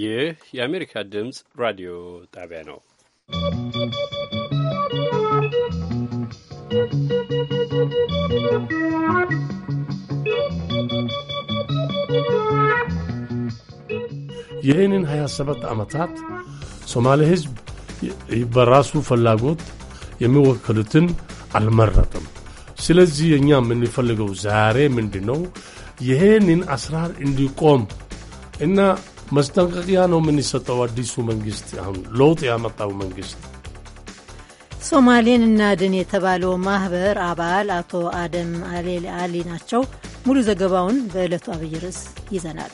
ይህ የአሜሪካ ድምፅ ራዲዮ ጣቢያ ነው። ይህንን 27 ዓመታት ሶማሌ ሕዝብ በራሱ ፍላጎት የሚወክሉትን አልመረጥም። ስለዚህ እኛ የምንፈልገው ዛሬ ምንድን ነው? ይህንን አስራር እንዲቆም እና መስጠንቀቂያ ነው የምንሰጠው። አዲሱ መንግስት አሁን ለውጥ ያመጣው መንግስት ሶማሌን ድን የተባለው ማህበር አባል አቶ አደም አሌ አሊ ናቸው። ሙሉ ዘገባውን በዕለቱ አብይ ርዕስ ይዘናል።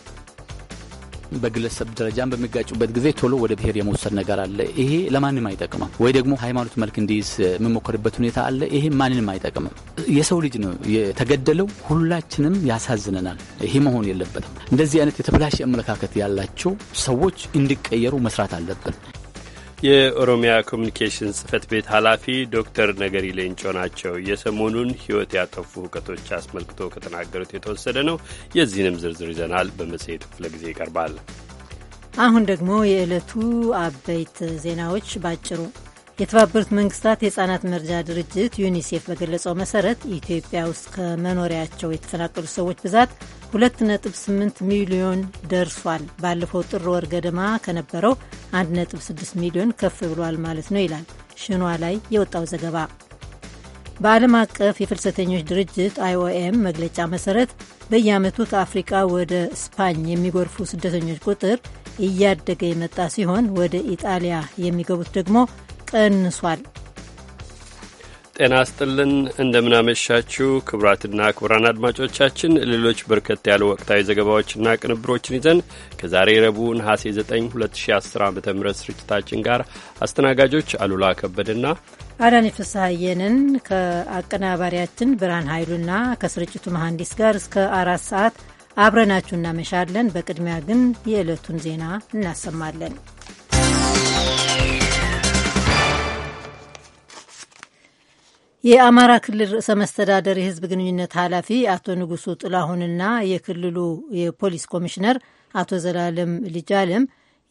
በግለሰብ ደረጃን በሚጋጩበት ጊዜ ቶሎ ወደ ብሔር የመውሰድ ነገር አለ። ይሄ ለማንም አይጠቅምም። ወይ ደግሞ ሃይማኖት መልክ እንዲይዝ የምሞከርበት ሁኔታ አለ። ይሄ ማንንም አይጠቅምም። የሰው ልጅ ነው የተገደለው። ሁላችንም ያሳዝነናል። ይሄ መሆን የለበትም። እንደዚህ አይነት የተበላሸ አመለካከት ያላቸው ሰዎች እንዲቀየሩ መስራት አለብን። የኦሮሚያ ኮሚኒኬሽን ጽህፈት ቤት ኃላፊ ዶክተር ነገሪ ሌንጮ ናቸው። የሰሞኑን ሕይወት ያጠፉ ሁከቶች አስመልክቶ ከተናገሩት የተወሰደ ነው። የዚህንም ዝርዝር ይዘናል፣ በመጽሔቱ ክፍለ ጊዜ ይቀርባል። አሁን ደግሞ የዕለቱ አበይት ዜናዎች ባጭሩ የተባበሩት መንግስታት የህፃናት መርጃ ድርጅት ዩኒሴፍ በገለጸው መሰረት ኢትዮጵያ ውስጥ ከመኖሪያቸው የተፈናቀሉ ሰዎች ብዛት 2.8 ሚሊዮን ደርሷል። ባለፈው ጥር ወር ገደማ ከነበረው 1.6 ሚሊዮን ከፍ ብሏል ማለት ነው ይላል ሽኗ ላይ የወጣው ዘገባ። በዓለም አቀፍ የፍልሰተኞች ድርጅት አይኦኤም መግለጫ መሰረት በየዓመቱ ከአፍሪቃ ወደ ስፓኝ የሚጎርፉ ስደተኞች ቁጥር እያደገ የመጣ ሲሆን ወደ ኢጣሊያ የሚገቡት ደግሞ ቀንሷል። ጤና ስጥልን እንደምናመሻችው ክቡራትና ክቡራን አድማጮቻችን ሌሎች በርከት ያሉ ወቅታዊ ዘገባዎችና ቅንብሮችን ይዘን ከዛሬ ረቡዕ ነሐሴ 9 2010 ዓ ም ስርጭታችን ጋር አስተናጋጆች አሉላ ከበድና አዳኒ ፍስሐየንን ከአቀናባሪያችን ብርሃን ኃይሉና ከስርጭቱ መሐንዲስ ጋር እስከ አራት ሰዓት አብረናችሁ እናመሻለን። በቅድሚያ ግን የዕለቱን ዜና እናሰማለን። የአማራ ክልል ርዕሰ መስተዳደር የህዝብ ግንኙነት ኃላፊ አቶ ንጉሱ ጥላሁንና የክልሉ የፖሊስ ኮሚሽነር አቶ ዘላለም ልጃለም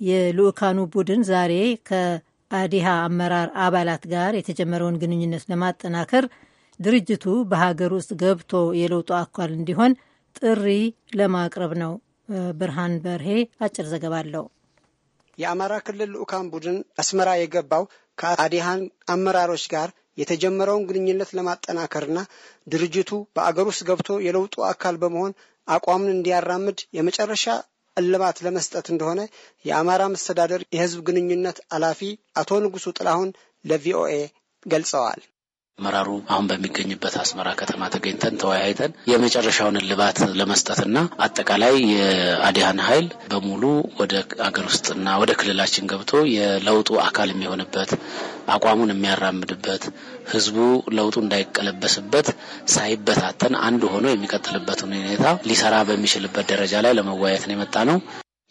የልኡካኑ ቡድን ዛሬ ከአዲሃ አመራር አባላት ጋር የተጀመረውን ግንኙነት ለማጠናከር ድርጅቱ በሀገር ውስጥ ገብቶ የለውጡ አካል እንዲሆን ጥሪ ለማቅረብ ነው። ብርሃን በርሄ አጭር ዘገባ አለው። የአማራ ክልል ልኡካን ቡድን አስመራ የገባው ከአዲሃን አመራሮች ጋር የተጀመረውን ግንኙነት ለማጠናከርና ድርጅቱ በአገር ውስጥ ገብቶ የለውጡ አካል በመሆን አቋምን እንዲያራምድ የመጨረሻ እልባት ለመስጠት እንደሆነ የአማራ መስተዳደር የህዝብ ግንኙነት ኃላፊ አቶ ንጉሱ ጥላሁን ለቪኦኤ ገልጸዋል። አመራሩ አሁን በሚገኝበት አስመራ ከተማ ተገኝተን ተወያይተን የመጨረሻውን እልባት ለመስጠትና አጠቃላይ የአዲያን ኃይል በሙሉ ወደ አገር ውስጥና ወደ ክልላችን ገብቶ የለውጡ አካል የሚሆንበት አቋሙን የሚያራምድበት ህዝቡ ለውጡ እንዳይቀለበስበት ሳይበታተን አንድ ሆኖ የሚቀጥልበትን ሁኔታ ሊሰራ በሚችልበት ደረጃ ላይ ለመወያየት ነው የመጣ ነው።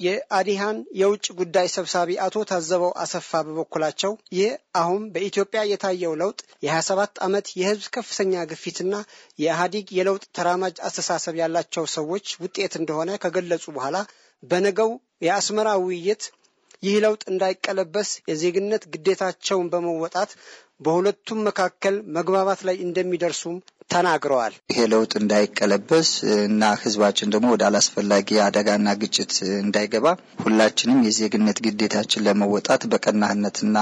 የአዲሃን የውጭ ጉዳይ ሰብሳቢ አቶ ታዘበው አሰፋ በበኩላቸው ይህ አሁን በኢትዮጵያ የታየው ለውጥ የ27 ዓመት የህዝብ ከፍተኛ ግፊትና የኢህአዴግ የለውጥ ተራማጅ አስተሳሰብ ያላቸው ሰዎች ውጤት እንደሆነ ከገለጹ በኋላ በነገው የአስመራ ውይይት ይህ ለውጥ እንዳይቀለበስ የዜግነት ግዴታቸውን በመወጣት በሁለቱም መካከል መግባባት ላይ እንደሚደርሱም ተናግረዋል። ይሄ ለውጥ እንዳይቀለበስ እና ህዝባችን ደግሞ ወደ አላስፈላጊ አደጋና ግጭት እንዳይገባ ሁላችንም የዜግነት ግዴታችን ለመወጣት በቀናህነትና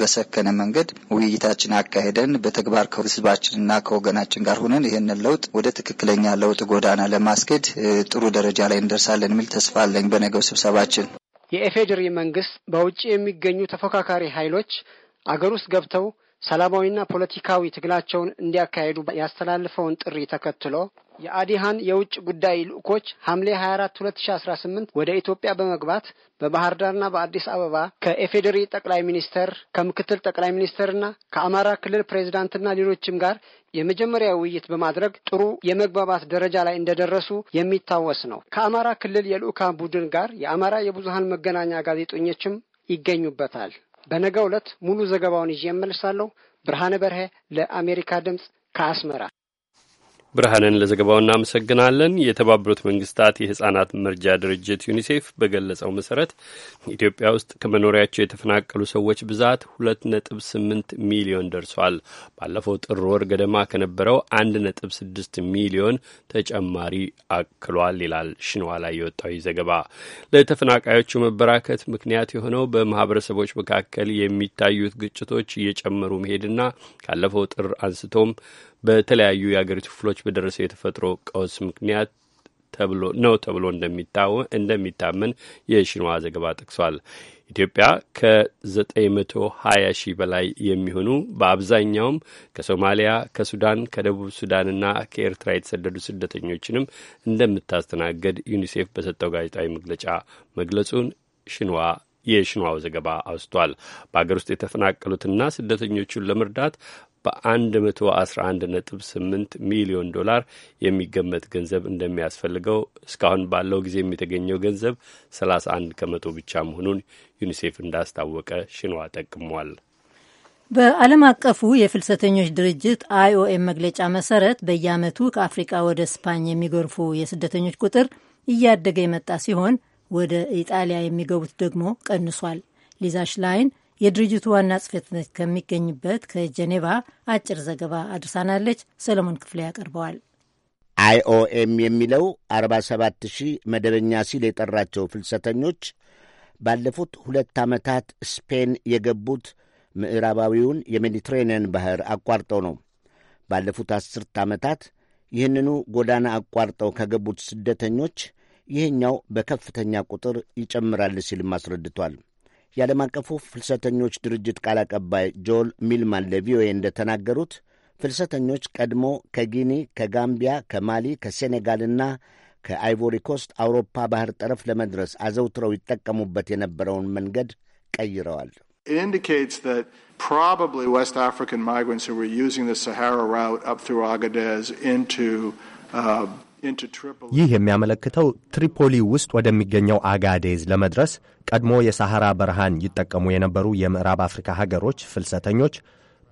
በሰከነ መንገድ ውይይታችን አካሄደን በተግባር ከህዝባችንና ከወገናችን ጋር ሆነን ይህንን ለውጥ ወደ ትክክለኛ ለውጥ ጎዳና ለማስኬድ ጥሩ ደረጃ ላይ እንደርሳለን የሚል ተስፋ አለኝ። በነገው ስብሰባችን የኢፌዴሪ መንግስት በውጭ የሚገኙ ተፎካካሪ ኃይሎች አገር ውስጥ ገብተው ሰላማዊና ፖለቲካዊ ትግላቸውን እንዲያካሄዱ ያስተላልፈውን ጥሪ ተከትሎ የአዲሃን የውጭ ጉዳይ ልዑኮች ሐምሌ 24 2018 ወደ ኢትዮጵያ በመግባት በባህር ዳርና በአዲስ አበባ ከኤፌዴሪ ጠቅላይ ሚኒስተር ከምክትል ጠቅላይ ሚኒስተርና ከአማራ ክልል ፕሬዚዳንትና ሌሎችም ጋር የመጀመሪያ ውይይት በማድረግ ጥሩ የመግባባት ደረጃ ላይ እንደደረሱ የሚታወስ ነው። ከአማራ ክልል የልዑካን ቡድን ጋር የአማራ የብዙሃን መገናኛ ጋዜጠኞችም ይገኙበታል። በነገው ዕለት ሙሉ ዘገባውን ይዤ እመልሳለሁ። ብርሃነ በርሄ ለአሜሪካ ድምፅ ከአስመራ ብርሃንን ለዘገባው እናመሰግናለን። የተባበሩት መንግስታት የህጻናት መርጃ ድርጅት ዩኒሴፍ በገለጸው መሰረት ኢትዮጵያ ውስጥ ከመኖሪያቸው የተፈናቀሉ ሰዎች ብዛት ሁለት ነጥብ ስምንት ሚሊዮን ደርሷል። ባለፈው ጥር ወር ገደማ ከነበረው አንድ ነጥብ ስድስት ሚሊዮን ተጨማሪ አክሏል ይላል ሽንዋ ላይ የወጣው ዘገባ። ለተፈናቃዮቹ መበራከት ምክንያት የሆነው በማህበረሰቦች መካከል የሚታዩት ግጭቶች እየጨመሩ መሄድና ካለፈው ጥር አንስቶም በተለያዩ የአገሪቱ ክፍሎች በደረሰው የተፈጥሮ ቀውስ ምክንያት ተብሎ ነው ተብሎ እንደሚታመን የሽንዋ ዘገባ ጠቅሷል። ኢትዮጵያ ከ920 ሺህ በላይ የሚሆኑ በአብዛኛውም ከሶማሊያ፣ ከሱዳን፣ ከደቡብ ሱዳንና ከኤርትራ የተሰደዱ ስደተኞችንም እንደምታስተናገድ ዩኒሴፍ በሰጠው ጋዜጣዊ መግለጫ መግለጹን ሽንዋ የሽንዋው ዘገባ አውስቷል። በሀገር ውስጥ የተፈናቀሉትና ስደተኞቹን ለመርዳት በ111.8 ሚሊዮን ዶላር የሚገመት ገንዘብ እንደሚያስፈልገው እስካሁን ባለው ጊዜ የተገኘው ገንዘብ 31 ከመቶ ብቻ መሆኑን ዩኒሴፍ እንዳስታወቀ ሽንዋ ጠቅሟል። በዓለም አቀፉ የፍልሰተኞች ድርጅት አይኦኤም መግለጫ መሰረት በየዓመቱ ከአፍሪቃ ወደ ስፓኝ የሚጎርፉ የስደተኞች ቁጥር እያደገ የመጣ ሲሆን ወደ ኢጣሊያ የሚገቡት ደግሞ ቀንሷል። ሊዛ ሽላይን የድርጅቱ ዋና ጽሕፈት ከሚገኝበት ከጀኔቫ አጭር ዘገባ አድርሳናለች። ሰለሞን ክፍሌ ያቀርበዋል። አይኦኤም የሚለው 47 ሺህ መደበኛ ሲል የጠራቸው ፍልሰተኞች ባለፉት ሁለት ዓመታት ስፔን የገቡት ምዕራባዊውን የሜዲትሬንያን ባሕር አቋርጠው ነው። ባለፉት አስርት ዓመታት ይህንኑ ጎዳና አቋርጠው ከገቡት ስደተኞች ይህኛው በከፍተኛ ቁጥር ይጨምራል ሲልም አስረድቷል። የዓለም አቀፉ ፍልሰተኞች ድርጅት ቃል አቀባይ ጆል ሚልማን ለቪኦኤ እንደተናገሩት ፍልሰተኞች ቀድሞ ከጊኒ፣ ከጋምቢያ፣ ከማሊ፣ ከሴኔጋልና ከአይቮሪ ኮስት አውሮፓ ባህር ጠረፍ ለመድረስ አዘውትረው ይጠቀሙበት የነበረውን መንገድ ቀይረዋል። ይህ የሚያመለክተው ትሪፖሊ ውስጥ ወደሚገኘው አጋዴዝ ለመድረስ ቀድሞ የሳሐራ በረሃን ይጠቀሙ የነበሩ የምዕራብ አፍሪካ ሀገሮች ፍልሰተኞች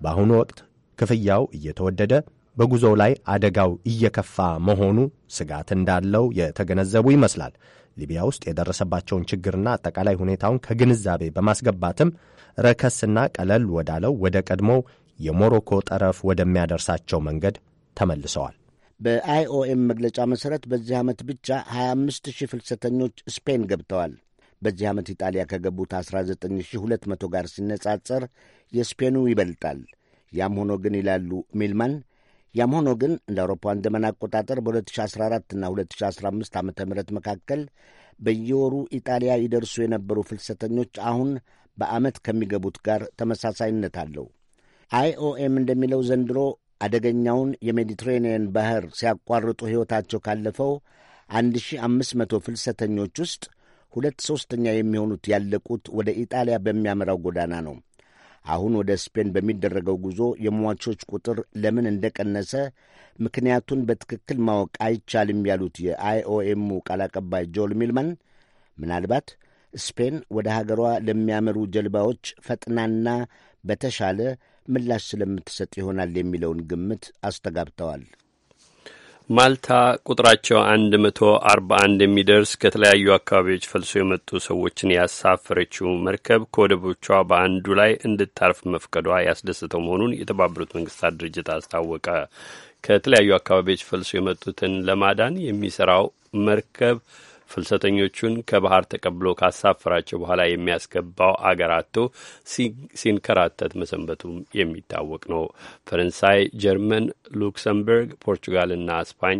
በአሁኑ ወቅት ክፍያው እየተወደደ በጉዞ ላይ አደጋው እየከፋ መሆኑ ስጋት እንዳለው የተገነዘቡ ይመስላል። ሊቢያ ውስጥ የደረሰባቸውን ችግርና አጠቃላይ ሁኔታውን ከግንዛቤ በማስገባትም ረከስና ቀለል ወዳለው ወደ ቀድሞው የሞሮኮ ጠረፍ ወደሚያደርሳቸው መንገድ ተመልሰዋል። በአይኦኤም መግለጫ መሠረት በዚህ ዓመት ብቻ 25 ሺህ ፍልሰተኞች ስፔን ገብተዋል። በዚህ ዓመት ኢጣሊያ ከገቡት 19200 ጋር ሲነጻጸር የስፔኑ ይበልጣል። ያም ሆኖ ግን ይላሉ ሚልማን፣ ያም ሆኖ ግን እንደ አውሮፓውያን ዘመን አቆጣጠር በ2014 እና 2015 ዓ ም መካከል በየወሩ ኢጣሊያ ይደርሱ የነበሩ ፍልሰተኞች አሁን በዓመት ከሚገቡት ጋር ተመሳሳይነት አለው። አይኦኤም እንደሚለው ዘንድሮ አደገኛውን የሜዲትሬኒየን ባህር ሲያቋርጡ ሕይወታቸው ካለፈው 1500 ፍልሰተኞች ውስጥ ሁለት ሦስተኛ የሚሆኑት ያለቁት ወደ ኢጣሊያ በሚያመራው ጎዳና ነው። አሁን ወደ ስፔን በሚደረገው ጉዞ የሟቾች ቁጥር ለምን እንደቀነሰ ምክንያቱን በትክክል ማወቅ አይቻልም ያሉት የአይኦኤሙ ቃል አቀባይ ጆል ሚልማን ምናልባት ስፔን ወደ ሀገሯ ለሚያመሩ ጀልባዎች ፈጥናና በተሻለ ምላሽ ስለምትሰጥ ይሆናል የሚለውን ግምት አስተጋብተዋል። ማልታ ቁጥራቸው መቶ አንድ የሚደርስ ከተለያዩ አካባቢዎች ፈልሶ የመጡ ሰዎችን ያሳፈረችው መርከብ ከወደቦቿ በአንዱ ላይ እንድታርፍ መፍቀዷ ያስደሰተው መሆኑን የተባበሩት መንግስታት ድርጅት አስታወቀ። ከተለያዩ አካባቢዎች ፈልሶ የመጡትን ለማዳን የሚሰራው መርከብ ፍልሰተኞቹን ከባህር ተቀብሎ ካሳፈራቸው በኋላ የሚያስገባው አገር አቶ ሲንከራተት መሰንበቱም የሚታወቅ ነው። ፈረንሳይ፣ ጀርመን፣ ሉክሰምበርግ፣ ፖርቹጋልና ስፓኝ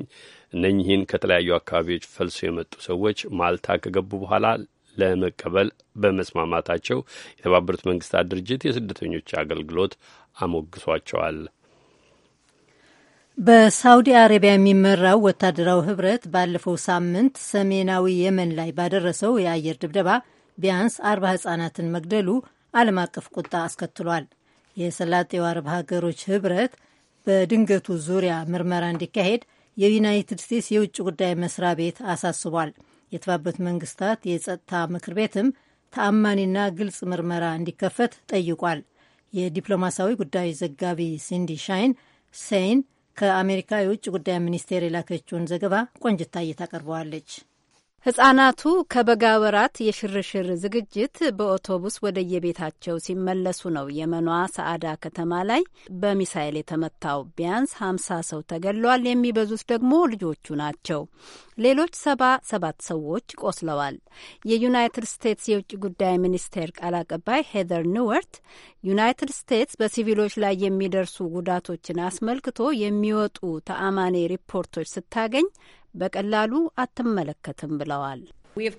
እነኚህን ከተለያዩ አካባቢዎች ፈልሶ የመጡ ሰዎች ማልታ ከገቡ በኋላ ለመቀበል በመስማማታቸው የተባበሩት መንግስታት ድርጅት የስደተኞች አገልግሎት አሞግሷቸዋል። በሳውዲ አረቢያ የሚመራው ወታደራዊ ህብረት ባለፈው ሳምንት ሰሜናዊ የመን ላይ ባደረሰው የአየር ድብደባ ቢያንስ አርባ ህጻናትን መግደሉ ዓለም አቀፍ ቁጣ አስከትሏል። የሰላጤው አረብ ሀገሮች ህብረት በድንገቱ ዙሪያ ምርመራ እንዲካሄድ የዩናይትድ ስቴትስ የውጭ ጉዳይ መስሪያ ቤት አሳስቧል። የተባበሩት መንግስታት የጸጥታ ምክር ቤትም ተአማኒና ግልጽ ምርመራ እንዲከፈት ጠይቋል። የዲፕሎማሲያዊ ጉዳዮች ዘጋቢ ሲንዲ ሻይን ሴይን ከአሜሪካ የውጭ ጉዳይ ሚኒስቴር የላከችውን ዘገባ ቆንጅታ እየታቀርበዋለች። ሕፃናቱ ከበጋ ወራት የሽርሽር ዝግጅት በኦቶቡስ ወደየቤታቸው ሲመለሱ ነው የመኗ ሰአዳ ከተማ ላይ በሚሳይል የተመታው። ቢያንስ ሀምሳ ሰው ተገሏል። የሚበዙት ደግሞ ልጆቹ ናቸው። ሌሎች ሰባ ሰባት ሰዎች ቆስለዋል። የዩናይትድ ስቴትስ የውጭ ጉዳይ ሚኒስቴር ቃል አቀባይ ሄዘር ኒወርት ዩናይትድ ስቴትስ በሲቪሎች ላይ የሚደርሱ ጉዳቶችን አስመልክቶ የሚወጡ ተአማኔ ሪፖርቶች ስታገኝ በቀላሉ አትመለከትም ብለዋል። uh,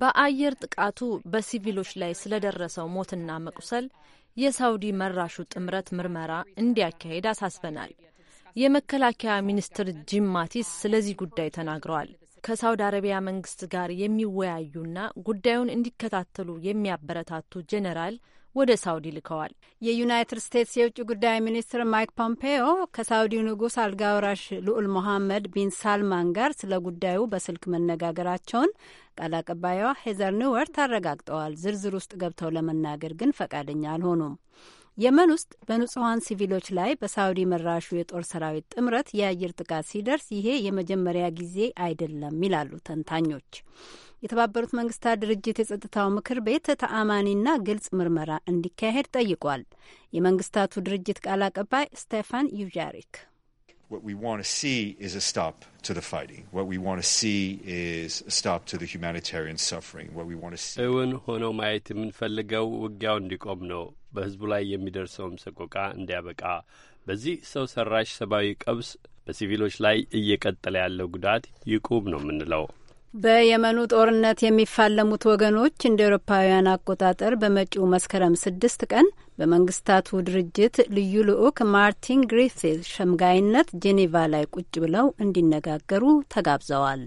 በአየር ጥቃቱ በሲቪሎች ላይ ስለደረሰው ሞትና መቁሰል የሳውዲ መራሹ ጥምረት ምርመራ እንዲያካሄድ አሳስበናል። የመከላከያ ሚኒስትር ጂም ማቲስ ስለዚህ ጉዳይ ተናግረዋል። ከሳውዲ አረቢያ መንግስት ጋር የሚወያዩና ጉዳዩን እንዲከታተሉ የሚያበረታቱ ጄኔራል ወደ ሳውዲ ልከዋል። የዩናይትድ ስቴትስ የውጭ ጉዳይ ሚኒስትር ማይክ ፖምፔዮ ከሳውዲው ንጉሥ አልጋውራሽ ልዑል ሞሐመድ ቢን ሳልማን ጋር ስለ ጉዳዩ በስልክ መነጋገራቸውን ቃል አቀባይዋ ሄዘር ኒወርት አረጋግጠዋል። ዝርዝር ውስጥ ገብተው ለመናገር ግን ፈቃደኛ አልሆኑም። የመን ውስጥ በንጹሐን ሲቪሎች ላይ በሳውዲ መራሹ የጦር ሰራዊት ጥምረት የአየር ጥቃት ሲደርስ ይሄ የመጀመሪያ ጊዜ አይደለም ይላሉ ተንታኞች። የተባበሩት መንግስታት ድርጅት የጸጥታው ምክር ቤት ተአማኒና ግልጽ ምርመራ እንዲካሄድ ጠይቋል። የመንግስታቱ ድርጅት ቃል አቀባይ ስቴፋን ዩጃሪክ What we want to see is a stop to the fighting. What we want to see is a stop to the humanitarian suffering. What we want to see እውን ሆኖ ማየት የምንፈልገው ውጊያው እንዲቆም ነው፣ በህዝቡ ላይ የሚደርሰውም ሰቆቃ እንዲያበቃ። በዚህ ሰው ሰራሽ ሰብአዊ ቀብስ በሲቪሎች ላይ እየቀጠለ ያለው ጉዳት ይቁም ነው የምንለው። በየመኑ ጦርነት የሚፋለሙት ወገኖች እንደ ኤሮፓውያን አቆጣጠር በመጪው መስከረም ስድስት ቀን በመንግስታቱ ድርጅት ልዩ ልዑክ ማርቲን ግሪፊዝ ሸምጋይነት ጄኔቫ ላይ ቁጭ ብለው እንዲነጋገሩ ተጋብዘዋል።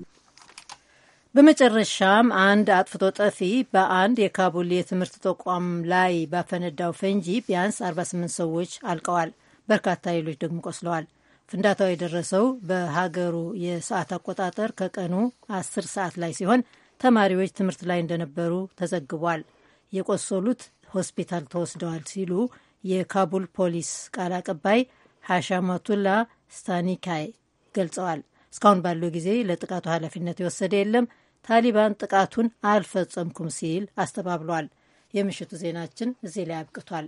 በመጨረሻም አንድ አጥፍቶ ጠፊ በአንድ የካቡል የትምህርት ተቋም ላይ ባፈነዳው ፈንጂ ቢያንስ 48 ሰዎች አልቀዋል፣ በርካታ ሌሎች ደግሞ ቆስለዋል። ፍንዳታው የደረሰው በሀገሩ የሰዓት አቆጣጠር ከቀኑ 10 ሰዓት ላይ ሲሆን ተማሪዎች ትምህርት ላይ እንደነበሩ ተዘግቧል። የቆሰሉት ሆስፒታል ተወስደዋል ሲሉ የካቡል ፖሊስ ቃል አቀባይ ሐሻማቱላ ስታኒካይ ገልጸዋል። እስካሁን ባለው ጊዜ ለጥቃቱ ኃላፊነት የወሰደ የለም። ታሊባን ጥቃቱን አልፈጸምኩም ሲል አስተባብሏል። የምሽቱ ዜናችን እዚህ ላይ አብቅቷል።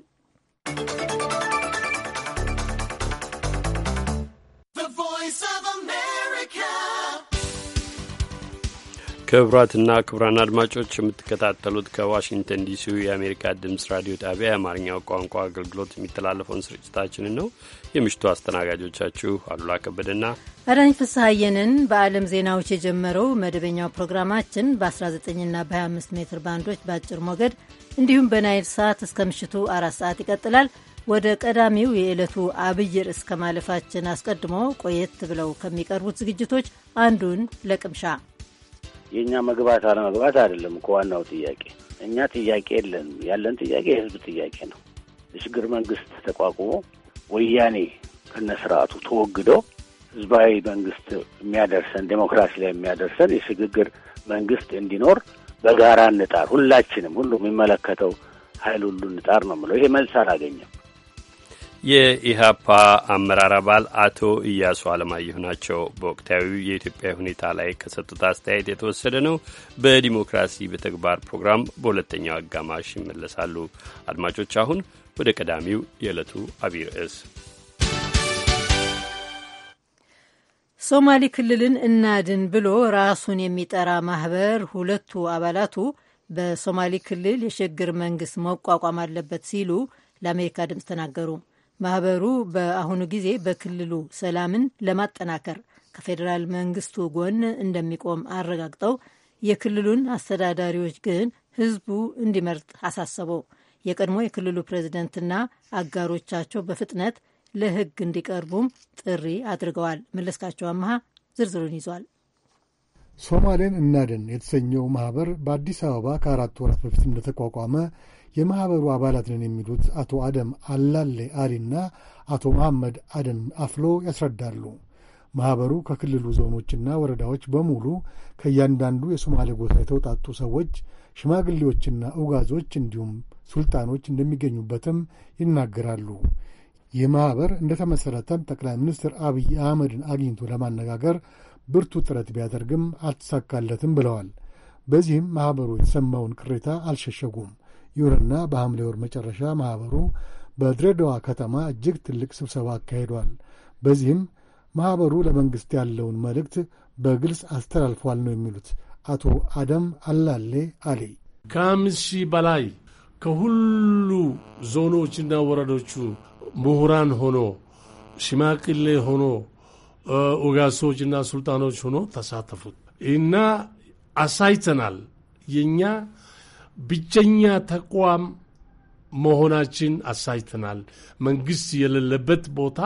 ክቡራትና ክቡራን አድማጮች የምትከታተሉት ከዋሽንግተን ዲሲ የአሜሪካ ድምፅ ራዲዮ ጣቢያ የአማርኛው ቋንቋ አገልግሎት የሚተላለፈውን ስርጭታችንን ነው። የምሽቱ አስተናጋጆቻችሁ አሉላ ከበደና አዳኝ ፍስሐየንን። በዓለም ዜናዎች የጀመረው መደበኛው ፕሮግራማችን በ19ና በ25 ሜትር ባንዶች በአጭር ሞገድ እንዲሁም በናይል ሰዓት እስከ ምሽቱ አራት ሰዓት ይቀጥላል። ወደ ቀዳሚው የዕለቱ አብይ ርዕስ ከማለፋችን አስቀድሞ ቆየት ብለው ከሚቀርቡት ዝግጅቶች አንዱን ለቅምሻ የእኛ መግባት አለመግባት አይደለም እኮ ዋናው ጥያቄ። እኛ ጥያቄ የለንም። ያለን ጥያቄ የህዝብ ጥያቄ ነው። የሽግግር መንግስት ተቋቁሞ ወያኔ ከነስርዓቱ ተወግደው ህዝባዊ መንግስት የሚያደርሰን ዴሞክራሲ ላይ የሚያደርሰን የሽግግር መንግስት እንዲኖር በጋራ እንጣር። ሁላችንም ሁሉ የሚመለከተው ሀይል ሁሉ እንጣር ነው የምለው። ይሄ መልስ አላገኘም። የኢህአፓ አመራር አባል አቶ እያሱ አለማየሁ ናቸው። በወቅታዊ የኢትዮጵያ ሁኔታ ላይ ከሰጡት አስተያየት የተወሰደ ነው። በዲሞክራሲ በተግባር ፕሮግራም በሁለተኛው አጋማሽ ይመለሳሉ። አድማጮች፣ አሁን ወደ ቀዳሚው የዕለቱ አብይ ርዕስ ሶማሌ ክልልን እናድን ብሎ ራሱን የሚጠራ ማህበር ሁለቱ አባላቱ በሶማሌ ክልል የሽግግር መንግስት መቋቋም አለበት ሲሉ ለአሜሪካ ድምፅ ተናገሩ። ማህበሩ በአሁኑ ጊዜ በክልሉ ሰላምን ለማጠናከር ከፌዴራል መንግስቱ ጎን እንደሚቆም አረጋግጠው የክልሉን አስተዳዳሪዎች ግን ህዝቡ እንዲመርጥ አሳሰበው። የቀድሞ የክልሉ ፕሬዝደንትና አጋሮቻቸው በፍጥነት ለህግ እንዲቀርቡም ጥሪ አድርገዋል። መለስካቸው አመሃ ዝርዝሩን ይዟል። ሶማሌን እናድን የተሰኘው ማህበር በአዲስ አበባ ከአራት ወራት በፊት እንደተቋቋመ የማኅበሩ አባላት ነን የሚሉት አቶ አደም አላሌ አሊና አቶ መሐመድ አደን አፍሎ ያስረዳሉ። ማኅበሩ ከክልሉ ዞኖችና ወረዳዎች በሙሉ ከእያንዳንዱ የሶማሌ ጎሳ የተውጣጡ ሰዎች፣ ሽማግሌዎችና ኡጋዞች እንዲሁም ሱልጣኖች እንደሚገኙበትም ይናገራሉ። ይህ ማኅበር እንደ ተመሠረተም ጠቅላይ ሚኒስትር አብይ አህመድን አግኝቶ ለማነጋገር ብርቱ ጥረት ቢያደርግም አልተሳካለትም ብለዋል። በዚህም ማኅበሩ የተሰማውን ቅሬታ አልሸሸጉም። ይሁንና በሐምሌ ወር መጨረሻ ማኅበሩ በድሬዳዋ ከተማ እጅግ ትልቅ ስብሰባ አካሂዷል። በዚህም ማኅበሩ ለመንግሥት ያለውን መልእክት በግልጽ አስተላልፏል ነው የሚሉት አቶ አደም አላሌ አሊ። ከአምስት ሺህ በላይ ከሁሉ ዞኖችና ወረዶቹ ምሁራን ሆኖ ሽማግሌ ሆኖ ኦጋሶችና ሱልጣኖች ሆኖ ተሳተፉት እና አሳይተናል የእኛ ብቸኛ ተቋም መሆናችን አሳይተናል። መንግስት የሌለበት ቦታ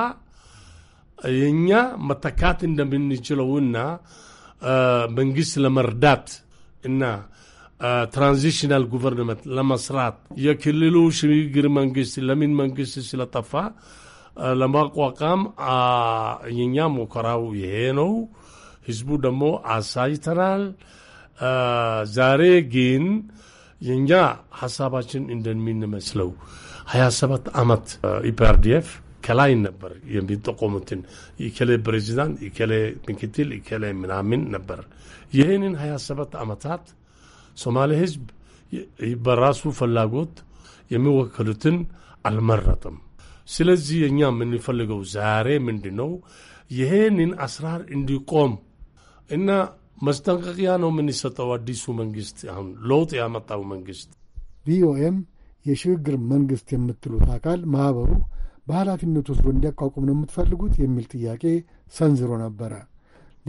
የእኛ መተካት እንደምንችለውና መንግስት ለመርዳት እና ትራንዚሽናል ጉቨርንመንት ለመስራት የክልሉ ሽግግር መንግስት ለምን መንግስት ስለጠፋ ለማቋቋም የኛ ሙከራው ይሄ ነው። ህዝቡ ደግሞ አሳይተናል። ዛሬ ግን የእኛ ሀሳባችን እንደሚመስለው ሰባት አመት ኢፒአርዲኤፍ ከላይ ነበር የሚጠቆሙትን ኢከሌ ፕሬዚዳንት፣ ኢከሌ ምክትል፣ ኢከሌ ምናምን ነበር። ይህንን 27 ዓመታት ሶማሌ ህዝብ በራሱ ፍላጎት የሚወከሉትን አልመረጥም። ስለዚህ የእኛ የምንፈልገው ዛሬ ምንድን ነው? ይህንን አስራር እንዲቆም እና መስጠንቀቂያ ነው የምንሰጠው። አዲሱ መንግስት አሁን ለውጥ ያመጣው መንግስት ቪኦኤም የሽግግር መንግስት የምትሉት አካል ማኅበሩ በኃላፊነት ወስዶ እንዲያቋቁም ነው የምትፈልጉት የሚል ጥያቄ ሰንዝሮ ነበረ።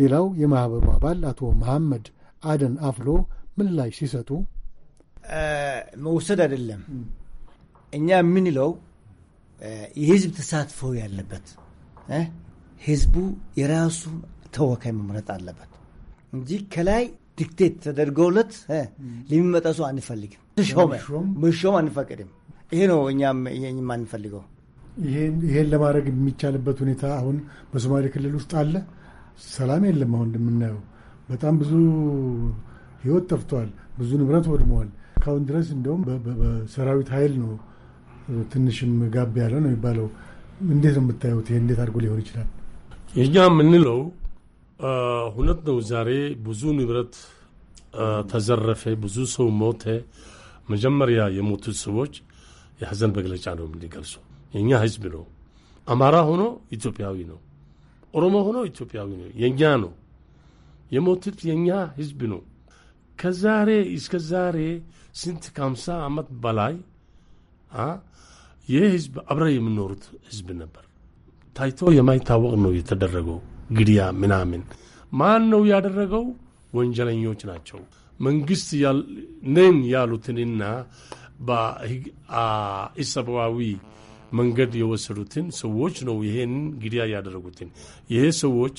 ሌላው የማኅበሩ አባል አቶ መሐመድ አደን አፍሎ ምላሽ ሲሰጡ መውሰድ አይደለም እኛ የምንለው የህዝብ ተሳትፎ ያለበት ህዝቡ የራሱ ተወካይ መምረጥ አለበት። እንጂ ከላይ ዲክቴት ተደርገውለት ለሚመጣ ሰው አንፈልግም። ተሾመ መሾም አንፈቅድም። ይሄ ነው እኛም አንፈልገው። ይሄን ለማድረግ የሚቻልበት ሁኔታ አሁን በሶማሌ ክልል ውስጥ አለ። ሰላም የለም። አሁን እንደምናየው በጣም ብዙ ህይወት ጠፍቷል፣ ብዙ ንብረት ወድመዋል። እስካሁን ድረስ እንደውም በሰራዊት ኃይል ነው ትንሽም ጋብ ያለ ነው የሚባለው። እንዴት ነው የምታዩት? ይሄ እንዴት አድርጎ ሊሆን ይችላል? የኛ የምንለው እውነት ነው። ዛሬ ብዙ ንብረት ተዘረፈ፣ ብዙ ሰው ሞተ። መጀመሪያ የሞቱት ሰዎች የሐዘን መግለጫ ነው የምንገልጹ። የእኛ ህዝብ ነው። አማራ ሆኖ ኢትዮጵያዊ ነው። ኦሮሞ ሆኖ ኢትዮጵያዊ ነው። የእኛ ነው። የሞቱት የእኛ ህዝብ ነው። ከዛሬ እስከ ዛሬ ስንት ከአምሳ ዓመት በላይ ይህ ህዝብ አብረ የሚኖሩት ህዝብ ነበር። ታይቶ የማይታወቅ ነው የተደረገው ግድያ ምናምን ማን ነው ያደረገው? ወንጀለኞች ናቸው። መንግስት ነን ያሉትንና በኢሰብአዊ መንገድ የወሰዱትን ሰዎች ነው ይሄን ግድያ ያደረጉትን። ይሄ ሰዎች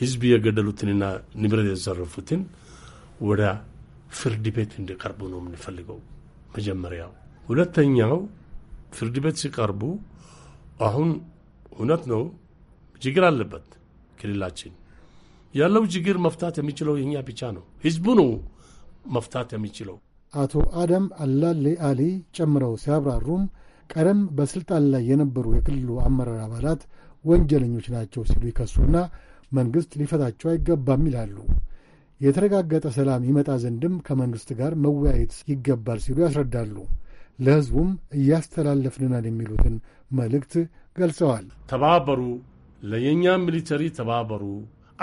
ህዝብ የገደሉትንና ንብረት የዘረፉትን ወደ ፍርድ ቤት እንዲቀርቡ ነው የምንፈልገው መጀመሪያው። ሁለተኛው ፍርድ ቤት ሲቀርቡ አሁን እውነት ነው ችግር አለበት ክልላችን ያለው ችግር መፍታት የሚችለው የኛ ብቻ ነው። ህዝቡ ነው መፍታት የሚችለው። አቶ አደም አላሌ አሊ ጨምረው ሲያብራሩም ቀደም በስልጣን ላይ የነበሩ የክልሉ አመራር አባላት ወንጀለኞች ናቸው ሲሉ ይከሱና መንግሥት ሊፈታቸው አይገባም ይላሉ። የተረጋገጠ ሰላም ይመጣ ዘንድም ከመንግሥት ጋር መወያየት ይገባል ሲሉ ያስረዳሉ። ለሕዝቡም እያስተላለፍንናል የሚሉትን መልእክት ገልጸዋል። ተባበሩ፣ ለየኛ ሚሊተሪ ተባበሩ፣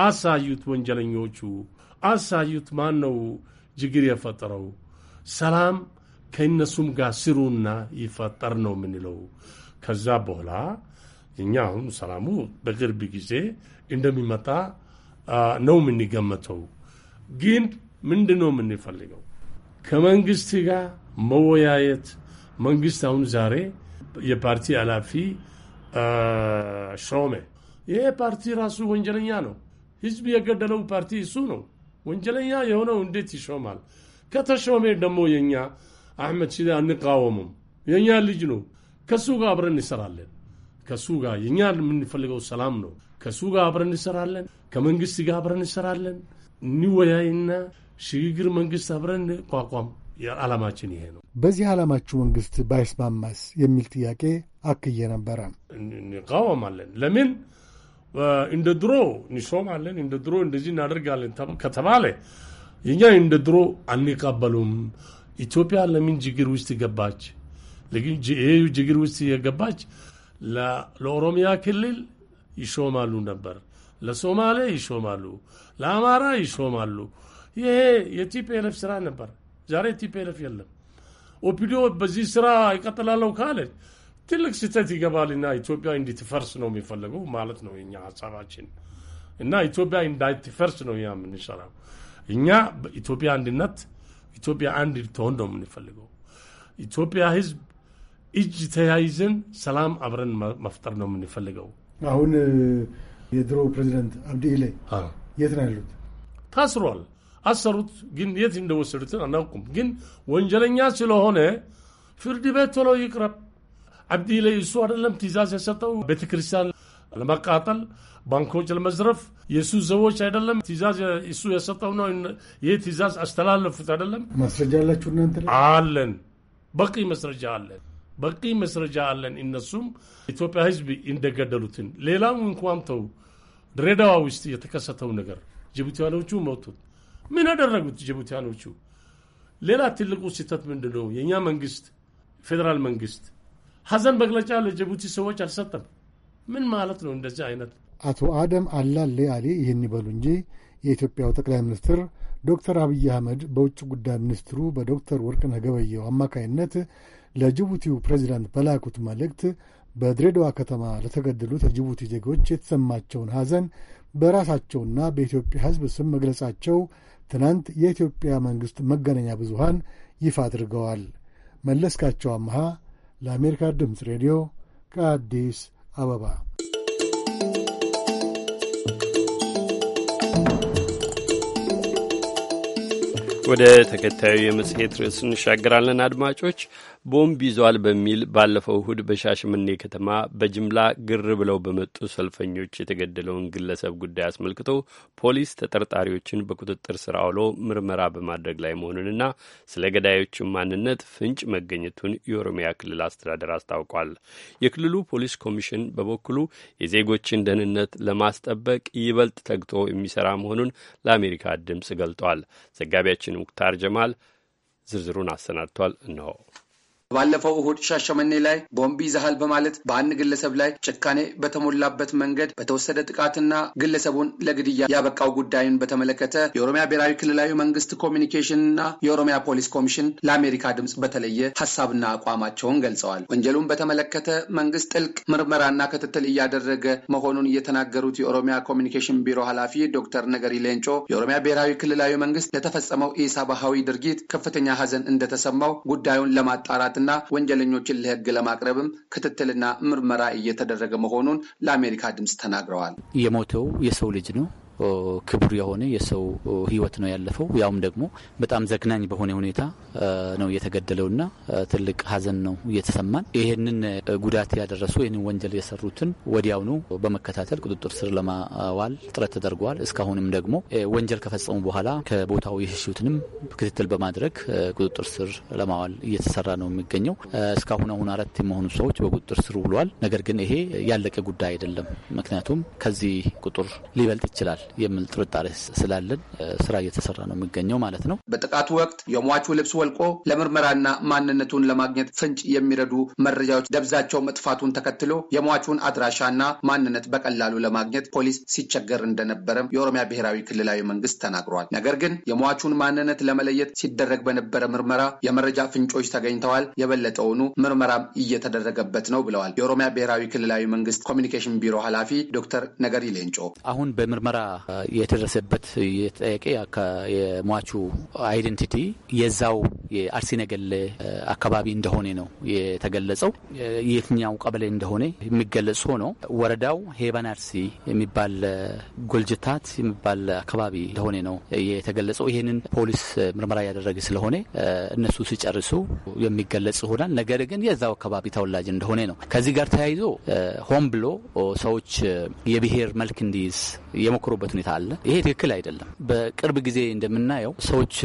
አሳዩት፣ ወንጀለኞቹ አሳዩት፣ ማን ነው ችግር የፈጠረው? ሰላም ከእነሱም ጋር ስሩና ይፈጠር ነው የምንለው። ከዛ በኋላ እኛ አሁን ሰላሙ በቅርብ ጊዜ እንደሚመጣ ነው የምንገመተው። ግን ምንድን ነው የምንፈልገው? ከመንግስት ጋር መወያየት። መንግስት አሁን ዛሬ የፓርቲ ኃላፊ ሾሜ ይሄ ፓርቲ ራሱ ወንጀለኛ ነው። ህዝብ የገደለው ፓርቲ እሱ ነው። ወንጀለኛ የሆነው እንዴት ይሾማል? ከተሾሜ ደግሞ የኛ አሕመድ ሺዴ አንቃወሙም። የእኛ ልጅ ነው። ከሱ ጋር አብረን እንሰራለን። ከሱ ጋር የእኛ የምንፈልገው ሰላም ነው። ከሱ ጋር አብረን እንሰራለን። ከመንግስት ጋር አብረን እንሰራለን። እንወያይና ሽግግር መንግስት አብረን ቋቋም። ዓላማችን ይሄ ነው። በዚህ ዓላማችሁ መንግስት ባይስማማስ የሚል ጥያቄ አክዬ ነበረ። እንቃወማለን። ለምን እንደ ድሮ እንሾማለን፣ እንደ ድሮ እንደዚህ እናደርጋለን ከተባለ እኛ እንደ ድሮ አንቀበሉም። ኢትዮጵያ ለምን ችግር ውስጥ ገባች? ይህ ችግር ውስጥ የገባች ለኦሮሚያ ክልል ይሾማሉ ነበር፣ ለሶማሌ ይሾማሉ፣ ለአማራ ይሾማሉ። ይሄ የቲፒኤልኤፍ ስራ ነበር። ዛሬ ቲፒኤልኤፍ የለም። ኦፒዲዮ በዚህ ስራ ይቀጥላለው ካለች ትልቅ ስህተት ይገባልና ኢትዮጵያ እንድትፈርስ ነው የሚፈለገው ማለት ነው የኛ ሀሳባችን እና ኢትዮጵያ እንዳትፈርስ ነው ያ የምንሰራው። እኛ በኢትዮጵያ አንድነት ኢትዮጵያ አንድ ልትሆን ነው የምንፈልገው። ኢትዮጵያ ሕዝብ እጅ ተያይዘን ሰላም አብረን መፍጠር ነው የምንፈልገው። አሁን የድሮ ፕሬዚደንት አብዲ ኢሌ የት ነው ያሉት? ታስሯል። አሰሩት፣ ግን የት እንደወሰዱትን አናውቁም። ግን ወንጀለኛ ስለሆነ ፍርድ ቤት ቶሎ ይቅረብ። አብዲ ላይ እሱ አይደለም ትእዛዝ የሰጠው ቤተክርስቲያን ለመቃጠል ባንኮች ለመዝረፍ የእሱ ዘቦች አይደለም ትእዛዝ እሱ የሰጠው ነው። ይህ ትእዛዝ አስተላለፉት አይደለም። ማስረጃ አላችሁ እናንተ? አለን፣ በቂ መስረጃ አለን፣ በቂ መስረጃ አለን። እነሱም ኢትዮጵያ ህዝብ እንደገደሉትን ሌላው እንኳን ተው፣ ድሬዳዋ ውስጥ የተከሰተው ነገር ጅቡቲያኖቹ መቱት። ምን ያደረጉት ጅቡቲያኖቹ? ሌላ ትልቁ ስህተት ምንድን ነው? የእኛ መንግስት ፌዴራል መንግስት ሀዘን መግለጫ ለጅቡቲ ሰዎች አልሰጠም። ምን ማለት ነው እንደዚህ አይነት? አቶ አደም አላሌ አሊ ይህን ይበሉ እንጂ የኢትዮጵያው ጠቅላይ ሚኒስትር ዶክተር አብይ አህመድ በውጭ ጉዳይ ሚኒስትሩ በዶክተር ወርቅነህ ገበየው አማካይነት ለጅቡቲው ፕሬዚዳንት በላኩት መልእክት በድሬዳዋ ከተማ ለተገደሉት የጅቡቲ ዜጎች የተሰማቸውን ሐዘን በራሳቸውና በኢትዮጵያ ሕዝብ ስም መግለጻቸው ትናንት የኢትዮጵያ መንግሥት መገናኛ ብዙሃን ይፋ አድርገዋል። መለስካቸው አምሃ ለአሜሪካ ድምፅ ሬዲዮ ከአዲስ አበባ። ወደ ተከታዩ የመጽሔት ርዕስ እንሻገራለን አድማጮች። ቦምብ ይዟል በሚል ባለፈው እሁድ በሻሸመኔ ከተማ በጅምላ ግር ብለው በመጡ ሰልፈኞች የተገደለውን ግለሰብ ጉዳይ አስመልክቶ ፖሊስ ተጠርጣሪዎችን በቁጥጥር ስር አውሎ ምርመራ በማድረግ ላይ መሆኑንና ስለ ገዳዮቹ ማንነት ፍንጭ መገኘቱን የኦሮሚያ ክልል አስተዳደር አስታውቋል። የክልሉ ፖሊስ ኮሚሽን በበኩሉ የዜጎችን ደህንነት ለማስጠበቅ ይበልጥ ተግቶ የሚሰራ መሆኑን ለአሜሪካ ድምፅ ገልጧል። ዘጋቢያችን ሙክታር ጀማል ዝርዝሩን አሰናድቷል። እነሆ። ባለፈው እሁድ ሻሸመኔ ላይ ቦምብ ይዘሃል በማለት በአንድ ግለሰብ ላይ ጭካኔ በተሞላበት መንገድ በተወሰደ ጥቃትና ግለሰቡን ለግድያ ያበቃው ጉዳዩን በተመለከተ የኦሮሚያ ብሔራዊ ክልላዊ መንግስት ኮሚኒኬሽንና የኦሮሚያ ፖሊስ ኮሚሽን ለአሜሪካ ድምፅ በተለየ ሀሳብና አቋማቸውን ገልጸዋል። ወንጀሉን በተመለከተ መንግስት ጥልቅ ምርመራና ክትትል እያደረገ መሆኑን የተናገሩት የኦሮሚያ ኮሚኒኬሽን ቢሮ ኃላፊ ዶክተር ነገሪ ሌንጮ የኦሮሚያ ብሔራዊ ክልላዊ መንግስት ለተፈጸመው ኢሰብአዊ ድርጊት ከፍተኛ ሀዘን እንደተሰማው ጉዳዩን ለማጣራት ለማጣራትና ወንጀለኞችን ለህግ ለማቅረብም ክትትልና ምርመራ እየተደረገ መሆኑን ለአሜሪካ ድምፅ ተናግረዋል። የሞተው የሰው ልጅ ነው። ክቡር የሆነ የሰው ህይወት ነው ያለፈው። ያውም ደግሞ በጣም ዘግናኝ በሆነ ሁኔታ ነው የተገደለውና ትልቅ ሀዘን ነው እየተሰማን። ይህንን ጉዳት ያደረሱ ይህንን ወንጀል የሰሩትን ወዲያውኑ በመከታተል ቁጥጥር ስር ለማዋል ጥረት ተደርገዋል። እስካሁንም ደግሞ ወንጀል ከፈጸሙ በኋላ ከቦታው የሸሹትንም ክትትል በማድረግ ቁጥጥር ስር ለማዋል እየተሰራ ነው የሚገኘው። እስካሁን አሁን አራት የሚሆኑ ሰዎች በቁጥጥር ስር ውሏል። ነገር ግን ይሄ ያለቀ ጉዳይ አይደለም። ምክንያቱም ከዚህ ቁጥር ሊበልጥ ይችላል። የሚል ጥርጣሬ ስላለን ስራ እየተሰራ ነው የሚገኘው ማለት ነው። በጥቃቱ ወቅት የሟቹ ልብስ ወልቆ ለምርመራና ማንነቱን ለማግኘት ፍንጭ የሚረዱ መረጃዎች ደብዛቸው መጥፋቱን ተከትሎ የሟቹን አድራሻና ማንነት በቀላሉ ለማግኘት ፖሊስ ሲቸገር እንደነበረም የኦሮሚያ ብሔራዊ ክልላዊ መንግስት ተናግሯል። ነገር ግን የሟቹን ማንነት ለመለየት ሲደረግ በነበረ ምርመራ የመረጃ ፍንጮች ተገኝተዋል፣ የበለጠውኑ ምርመራም እየተደረገበት ነው ብለዋል የኦሮሚያ ብሔራዊ ክልላዊ መንግስት ኮሚኒኬሽን ቢሮ ኃላፊ ዶክተር ነገሪ ሌንጮ። አሁን በምርመራ የደረሰበት የተጠያቂ የሟቹ አይደንቲቲ የዛው የአርሲ ነገሌ አካባቢ እንደሆነ ነው የተገለጸው። የትኛው ቀበሌ እንደሆነ የሚገለጽ ሆኖ ወረዳው ሄባን አርሲ የሚባል ጎልጅታት የሚባል አካባቢ እንደሆነ ነው የተገለጸው። ይህንን ፖሊስ ምርመራ ያደረገ ስለሆነ እነሱ ሲጨርሱ የሚገለጽ ይሆናል። ነገር ግን የዛው አካባቢ ተወላጅ እንደሆነ ነው። ከዚህ ጋር ተያይዞ ሆን ብሎ ሰዎች የብሔር መልክ እንዲይዝ የሞክሩበት የሚሆኑበት ሁኔታ አለ። ይሄ ትክክል አይደለም። በቅርብ ጊዜ እንደምናየው ሰዎች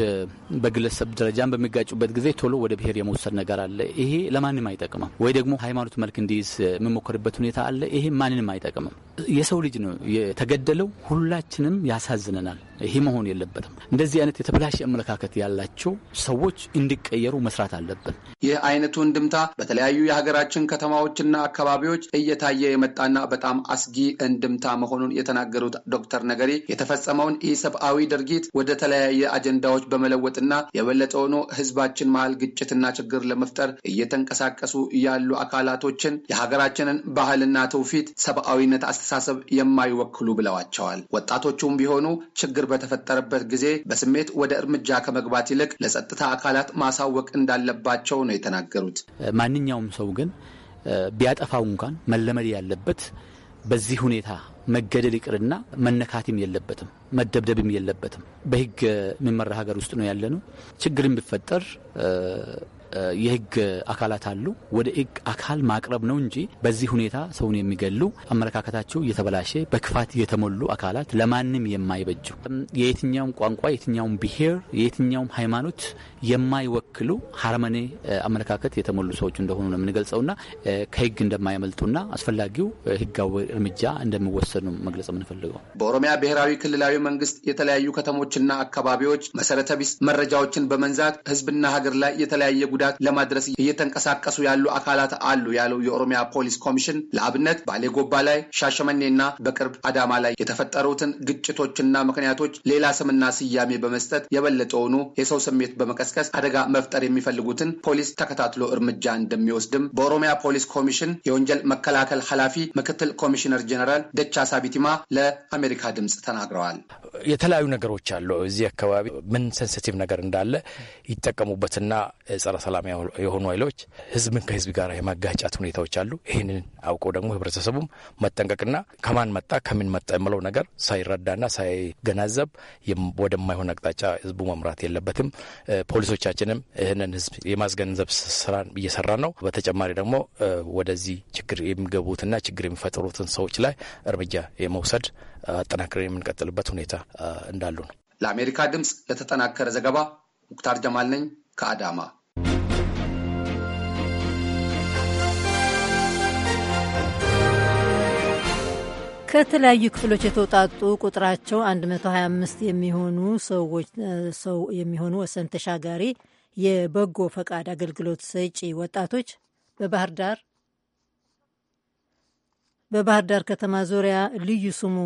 በግለሰብ ደረጃን በሚጋጩበት ጊዜ ቶሎ ወደ ብሔር የመውሰድ ነገር አለ። ይሄ ለማንም አይጠቅምም። ወይ ደግሞ ሃይማኖት መልክ እንዲይዝ የሚሞከርበት ሁኔታ አለ። ይሄ ማንንም አይጠቅምም። የሰው ልጅ ነው የተገደለው። ሁላችንም ያሳዝነናል። ይህ መሆን የለበትም። እንደዚህ አይነት የተበላሸ አመለካከት ያላቸው ሰዎች እንዲቀየሩ መስራት አለብን። ይህ አይነቱ እንድምታ በተለያዩ የሀገራችን ከተማዎችና አካባቢዎች እየታየ የመጣና በጣም አስጊ እንድምታ መሆኑን የተናገሩት ዶክተር ነገሪ የተፈጸመውን ኢሰብአዊ ድርጊት ወደ ተለያየ አጀንዳዎች በመለወጥና የበለጠ ሆኖ ህዝባችን መሀል ግጭትና ችግር ለመፍጠር እየተንቀሳቀሱ ያሉ አካላቶችን የሀገራችንን ባህልና ትውፊት ሰብአዊነት አስ አስተሳሰብ የማይወክሉ ብለዋቸዋል። ወጣቶቹም ቢሆኑ ችግር በተፈጠረበት ጊዜ በስሜት ወደ እርምጃ ከመግባት ይልቅ ለጸጥታ አካላት ማሳወቅ እንዳለባቸው ነው የተናገሩት። ማንኛውም ሰው ግን ቢያጠፋው እንኳን መለመድ ያለበት በዚህ ሁኔታ መገደል ይቅርና መነካትም የለበትም፣ መደብደብም የለበትም። በህግ የሚመራ ሀገር ውስጥ ነው ያለ ነው። ችግርን ቢፈጠር የህግ አካላት አሉ። ወደ ህግ አካል ማቅረብ ነው እንጂ በዚህ ሁኔታ ሰውን የሚገሉ አመለካከታቸው እየተበላሸ በክፋት የተሞሉ አካላት ለማንም የማይበጁ የየትኛውም ቋንቋ፣ የትኛውም ብሄር የየትኛውም ሃይማኖት የማይወክሉ ሀረመኔ አመለካከት የተሞሉ ሰዎች እንደሆኑ ነው የምንገልጸውና ከህግ እንደማያመልጡና አስፈላጊው ህጋዊ እርምጃ እንደሚወሰኑ መግለጽ የምንፈልገው። በኦሮሚያ ብሔራዊ ክልላዊ መንግስት የተለያዩ ከተሞችና አካባቢዎች መሰረተ ቢስ መረጃዎችን በመንዛት ህዝብና ሀገር ላይ የተለያየ ጉዳት ለማድረስ እየተንቀሳቀሱ ያሉ አካላት አሉ ያለው የኦሮሚያ ፖሊስ ኮሚሽን ለአብነት ባሌ ጎባ ላይ፣ ሻሸመኔና በቅርብ አዳማ ላይ የተፈጠሩትን ግጭቶችና ምክንያቶች ሌላ ስምና ስያሜ በመስጠት የበለጠውኑ የሰው ስሜት በመቀስ በመቀስቀስ አደጋ መፍጠር የሚፈልጉትን ፖሊስ ተከታትሎ እርምጃ እንደሚወስድም በኦሮሚያ ፖሊስ ኮሚሽን የወንጀል መከላከል ኃላፊ ምክትል ኮሚሽነር ጀነራል ደቻሳ ቢቲማ ለአሜሪካ ድምፅ ተናግረዋል። የተለያዩ ነገሮች አሉ። እዚህ አካባቢ ምን ሴንሲቲቭ ነገር እንዳለ ይጠቀሙበትና ጸረ ሰላም የሆኑ ኃይሎች ህዝብን ከህዝብ ጋር የማጋጫት ሁኔታዎች አሉ። ይህንን አውቀው ደግሞ ህብረተሰቡም መጠንቀቅና ከማን መጣ ከምን መጣ የምለው ነገር ሳይረዳና ሳይገናዘብ ወደማይሆን አቅጣጫ ህዝቡ መምራት የለበትም። ፖሊሶቻችንም ይህንን ህዝብ የማስገንዘብ ስራን እየሰራ ነው። በተጨማሪ ደግሞ ወደዚህ ችግር የሚገቡትና ችግር የሚፈጥሩትን ሰዎች ላይ እርምጃ የመውሰድ አጠናክረን የምንቀጥልበት ሁኔታ እንዳሉ ነው። ለአሜሪካ ድምፅ ለተጠናከረ ዘገባ ሙክታር ጀማል ነኝ ከአዳማ። ከተለያዩ ክፍሎች የተውጣጡ ቁጥራቸው 125 የሚሆኑ ሰዎች ሰው የሚሆኑ ወሰን ተሻጋሪ የበጎ ፈቃድ አገልግሎት ሰጪ ወጣቶች በባህር ዳር በባህር ዳር ከተማ ዙሪያ ልዩ ስሙ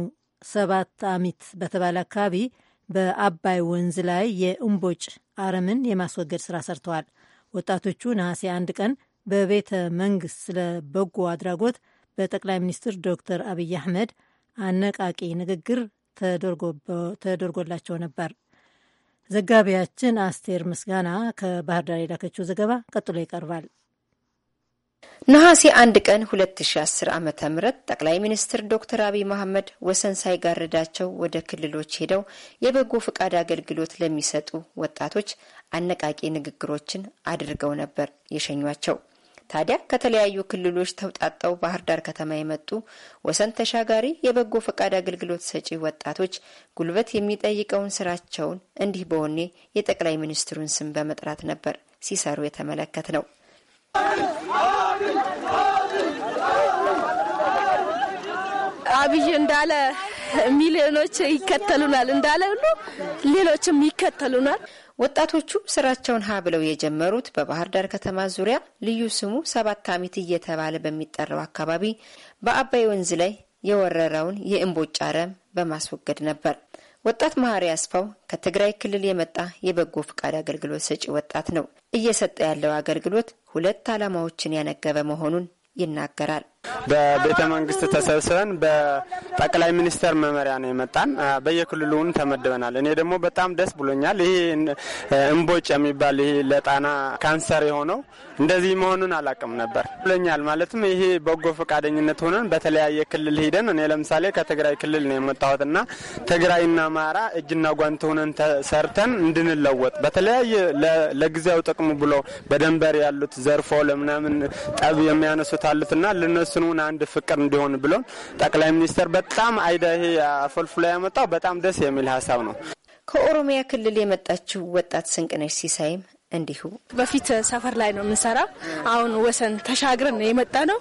ሰባት አሚት በተባለ አካባቢ በአባይ ወንዝ ላይ የእምቦጭ አረምን የማስወገድ ስራ ሰርተዋል። ወጣቶቹ ነሐሴ አንድ ቀን በቤተ መንግስት ስለ በጎ አድራጎት በጠቅላይ ሚኒስትር ዶክተር አብይ አህመድ አነቃቂ ንግግር ተደርጎላቸው ነበር። ዘጋቢያችን አስቴር ምስጋና ከባህር ዳር የላከችው ዘገባ ቀጥሎ ይቀርባል። ነሐሴ አንድ ቀን 2010 ዓ ም ጠቅላይ ሚኒስትር ዶክተር አብይ መሐመድ ወሰን ሳይጋርዳቸው ወደ ክልሎች ሄደው የበጎ ፈቃድ አገልግሎት ለሚሰጡ ወጣቶች አነቃቂ ንግግሮችን አድርገው ነበር የሸኟቸው። ታዲያ ከተለያዩ ክልሎች ተውጣጣው ባህር ዳር ከተማ የመጡ ወሰን ተሻጋሪ የበጎ ፈቃድ አገልግሎት ሰጪ ወጣቶች ጉልበት የሚጠይቀውን ስራቸውን እንዲህ በወኔ የጠቅላይ ሚኒስትሩን ስም በመጥራት ነበር ሲሰሩ የተመለከት ነው። አብይ እንዳለ ሚሊዮኖች ይከተሉናል እንዳለ ሁሉ ሌሎችም ይከተሉናል። ወጣቶቹ ስራቸውን ሀ ብለው የጀመሩት በባህር ዳር ከተማ ዙሪያ ልዩ ስሙ ሰባት አሚት እየተባለ በሚጠራው አካባቢ በአባይ ወንዝ ላይ የወረረውን የእምቦጭ አረም በማስወገድ ነበር። ወጣት መሀሪ አስፋው ከትግራይ ክልል የመጣ የበጎ ፈቃድ አገልግሎት ሰጪ ወጣት ነው። እየሰጠ ያለው አገልግሎት ሁለት ዓላማዎችን ያነገበ መሆኑን ይናገራል። በቤተ መንግስት ተሰብስበን በጠቅላይ ሚኒስተር መመሪያ ነው የመጣን። በየክልሉን ተመድበናል። እኔ ደግሞ በጣም ደስ ብሎኛል። ይሄ እምቦጭ የሚባል ይሄ ለጣና ካንሰር የሆነው እንደዚህ መሆኑን አላቅም ነበር ብሎኛል። ማለትም ይሄ በጎ ፈቃደኝነት ሆነን በተለያየ ክልል ሄደን እኔ ለምሳሌ ከትግራይ ክልል ነው የመጣሁትና ትግራይና አማራ እጅና ጓንት ሆነን ተሰርተን እንድንለወጥ በተለያየ ለጊዜያዊ ጥቅሙ ብሎ በደንበር ያሉት ዘርፎ ለምናምን ጠብ የሚያነሱት አሉትና ልነሱ ስኑን አንድ ፍቅር እንዲሆን ብሎን ጠቅላይ ሚኒስትር በጣም አይዳ አፈልፍሎ ያመጣው በጣም ደስ የሚል ሀሳብ ነው። ከኦሮሚያ ክልል የመጣችው ወጣት ስንቅነሽ ሲሳይም እንዲሁ በፊት ሰፈር ላይ ነው የምንሰራው። አሁን ወሰን ተሻግረን የመጣ ነው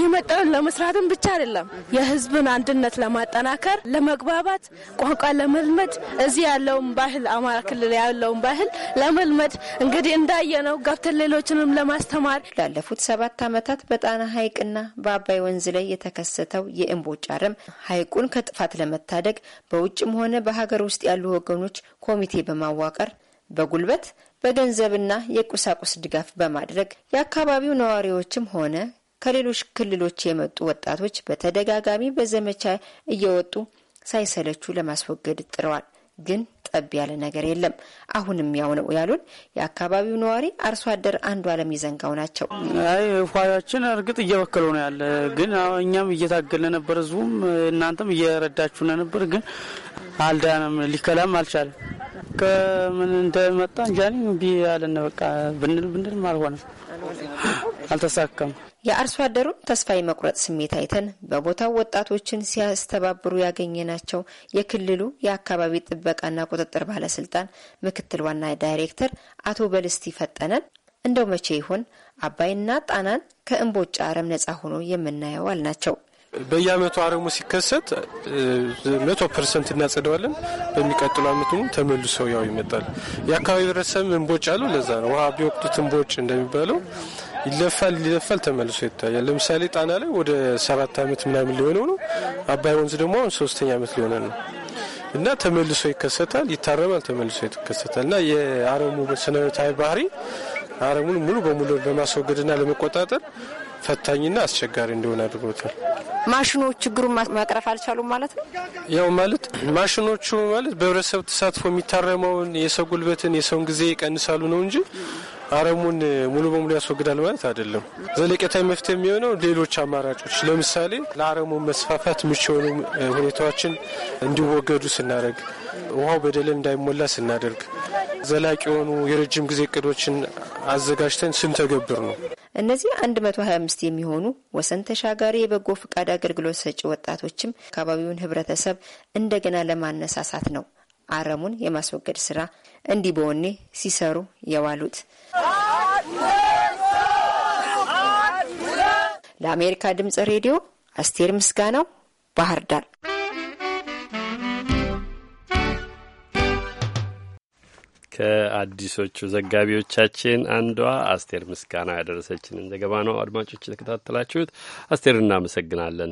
የመጣን ለመስራትም ብቻ አይደለም የህዝብን አንድነት ለማጠናከር ለመግባባት፣ ቋንቋ ለመልመድ እዚህ ያለውን ባህል አማራ ክልል ያለውን ባህል ለመልመድ እንግዲህ እንዳየ ነው ገብተን ሌሎችንም ለማስተማር ላለፉት ሰባት ዓመታት በጣና ሐይቅና በአባይ ወንዝ ላይ የተከሰተው የእምቦጭ አረም ሐይቁን ከጥፋት ለመታደግ በውጭም ሆነ በሀገር ውስጥ ያሉ ወገኖች ኮሚቴ በማዋቀር በጉልበት በገንዘብና የቁሳቁስ ድጋፍ በማድረግ የአካባቢው ነዋሪዎችም ሆነ ከሌሎች ክልሎች የመጡ ወጣቶች በተደጋጋሚ በዘመቻ እየወጡ ሳይሰለቹ ለማስወገድ ጥረዋል። ግን ጠብ ያለ ነገር የለም። አሁንም ያው ነው ያሉን የአካባቢው ነዋሪ አርሶ አደር አንዱ አለም ይዘንጋው ናቸው። ኳያችን እርግጥ እየበከለ ነው ያለ፣ ግን እኛም እየታገለ ነበር፣ ህዝቡም እናንተም እየረዳችሁ ነበር፣ ግን አልዳንም፣ ሊከላም አልቻለም። ከምን እንደመጣ እንጃኒ ቢ ያለነ በቃ ብንል ብንልም አልሆነም። አልተሳካም። የአርሶ አደሩን ተስፋ የመቁረጥ ስሜት አይተን በቦታው ወጣቶችን ሲያስተባብሩ ያገኘናቸው የክልሉ የአካባቢ ጥበቃና ቁጥጥር ባለስልጣን ምክትል ዋና ዳይሬክተር አቶ በልስቲ ፈጠነን እንደው መቼ ይሆን አባይና ጣናን ከእምቦጭ አረም ነጻ ሆኖ የምናየው አልናቸው። በየአመቱ አረሙ ሲከሰት መቶ ፐርሰንት እናጸደዋለን። በሚቀጥሉ አመት ተመልሶ ያው ይመጣል። የአካባቢ ህብረተሰብ እንቦጭ አሉ። ለዛ ነው ውሃ ቢወቅጡት እንቦጭ እንደሚባለው ይለፋል ይለፋል፣ ተመልሶ ይታያል። ለምሳሌ ጣና ላይ ወደ ሰባት አመት ምናምን ሊሆነው ነው። አባይ ወንዝ ደግሞ አሁን ሶስተኛ አመት ሊሆነ ነው እና ተመልሶ ይከሰታል፣ ይታረማል፣ ተመልሶ ይከሰታል እና የአረሙ ስነታዊ ባህሪ አረሙን ሙሉ በሙሉ ለማስወገድና ለመቆጣጠር ፈታኝና አስቸጋሪ እንደሆነ አድርጎታል። ማሽኖች ችግሩን መቅረፍ አልቻሉም ማለት ነው። ያው ማለት ማሽኖቹ ማለት በህብረተሰብ ተሳትፎ የሚታረመውን የሰው ጉልበትን የሰውን ጊዜ ይቀንሳሉ ነው እንጂ አረሙን ሙሉ በሙሉ ያስወግዳል ማለት አይደለም። ዘለቄታዊ መፍትሄ የሚሆነው ሌሎች አማራጮች ለምሳሌ ለአረሙ መስፋፋት ምቹ የሆኑ ሁኔታዎችን እንዲወገዱ ስናደርግ፣ ውሃው በደለል እንዳይሞላ ስናደርግ ዘላቂ የሆኑ የረጅም ጊዜ እቅዶችን አዘጋጅተን ስንተገብር ነው። እነዚህ 125 የሚሆኑ ወሰን ተሻጋሪ የበጎ ፈቃድ አገልግሎት ሰጪ ወጣቶችም አካባቢውን ህብረተሰብ እንደገና ለማነሳሳት ነው አረሙን የማስወገድ ስራ እንዲህ በወኔ ሲሰሩ የዋሉት። ለአሜሪካ ድምጽ ሬዲዮ አስቴር ምስጋናው ባህር ዳር ከአዲሶቹ ዘጋቢዎቻችን አንዷ አስቴር ምስጋና ያደረሰችንን ዘገባ ነው አድማጮች የተከታተላችሁት። አስቴር እናመሰግናለን።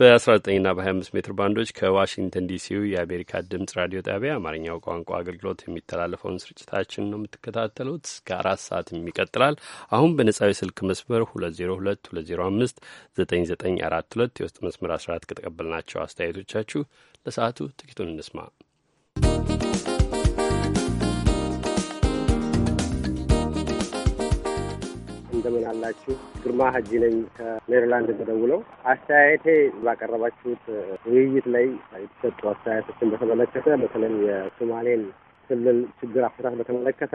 በ19ና በ25 ሜትር ባንዶች ከዋሽንግተን ዲሲው የአሜሪካ ድምጽ ራዲዮ ጣቢያ አማርኛው ቋንቋ አገልግሎት የሚተላለፈውን ስርጭታችን ነው የምትከታተሉት። እስከ አራት ሰዓትም ይቀጥላል። አሁን በነጻዊ ስልክ መስመር 2022059942 የውስጥ መስመር 14 ከተቀበልናቸው አስተያየቶቻችሁ ለሰዓቱ ጥቂቱን እንስማ። እንደምን አላችሁ? ግርማ ሀጂ ነኝ ከሜሪላንድ ተደውለው። አስተያየቴ ባቀረባችሁት ውይይት ላይ የተሰጡ አስተያየቶችን በተመለከተ በተለይ የሶማሌን ክልል ችግር አፈታት በተመለከተ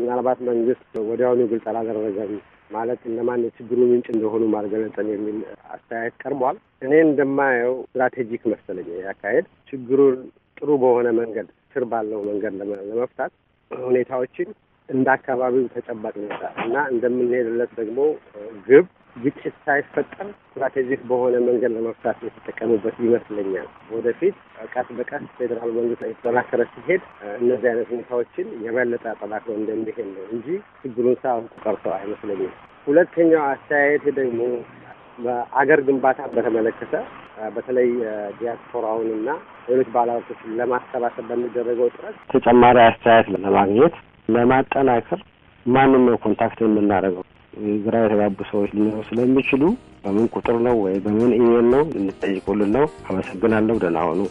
ምናልባት መንግስት ወዲያውኑ ግልጽ አላደረገም ማለት እነማን የችግሩ ምንጭ እንደሆኑ ማልገለጠን የሚል አስተያየት ቀርቧል። እኔ እንደማየው ስትራቴጂክ መሰለኝ ያካሄድ ችግሩን ጥሩ በሆነ መንገድ ስር ባለው መንገድ ለመፍታት ሁኔታዎችን እንደ አካባቢው ተጨባጭ እና እንደምንሄድለት ደግሞ ግብ ግጭት ሳይፈጠር ስትራቴጂክ በሆነ መንገድ ለመፍታት የተጠቀሙበት ይመስለኛል። ወደፊት ቀስ በቀስ ፌዴራል መንግስት የተጠናከረ ሲሄድ እነዚህ አይነት ሁኔታዎችን የበለጠ አጠናክሮ እንደሚሄድ ነው እንጂ ችግሩን ሳያውቁ ቀርተው አይመስለኝም። ሁለተኛው አስተያየት ደግሞ በአገር ግንባታ በተመለከተ በተለይ ዲያስፖራውንና ሌሎች ባለሀብቶችን ለማሰባሰብ በሚደረገው ጥረት ተጨማሪ አስተያየት ለማግኘት ለማጠናከር ማንን ነው ኮንታክት የምናደርገው? ግራ የተጋቡ ሰዎች ሊኖሩ ስለሚችሉ በምን ቁጥር ነው ወይ በምን ኢሜል ነው እንጠይቁልን ነው። አመሰግናለሁ። ደህና ሆኑ።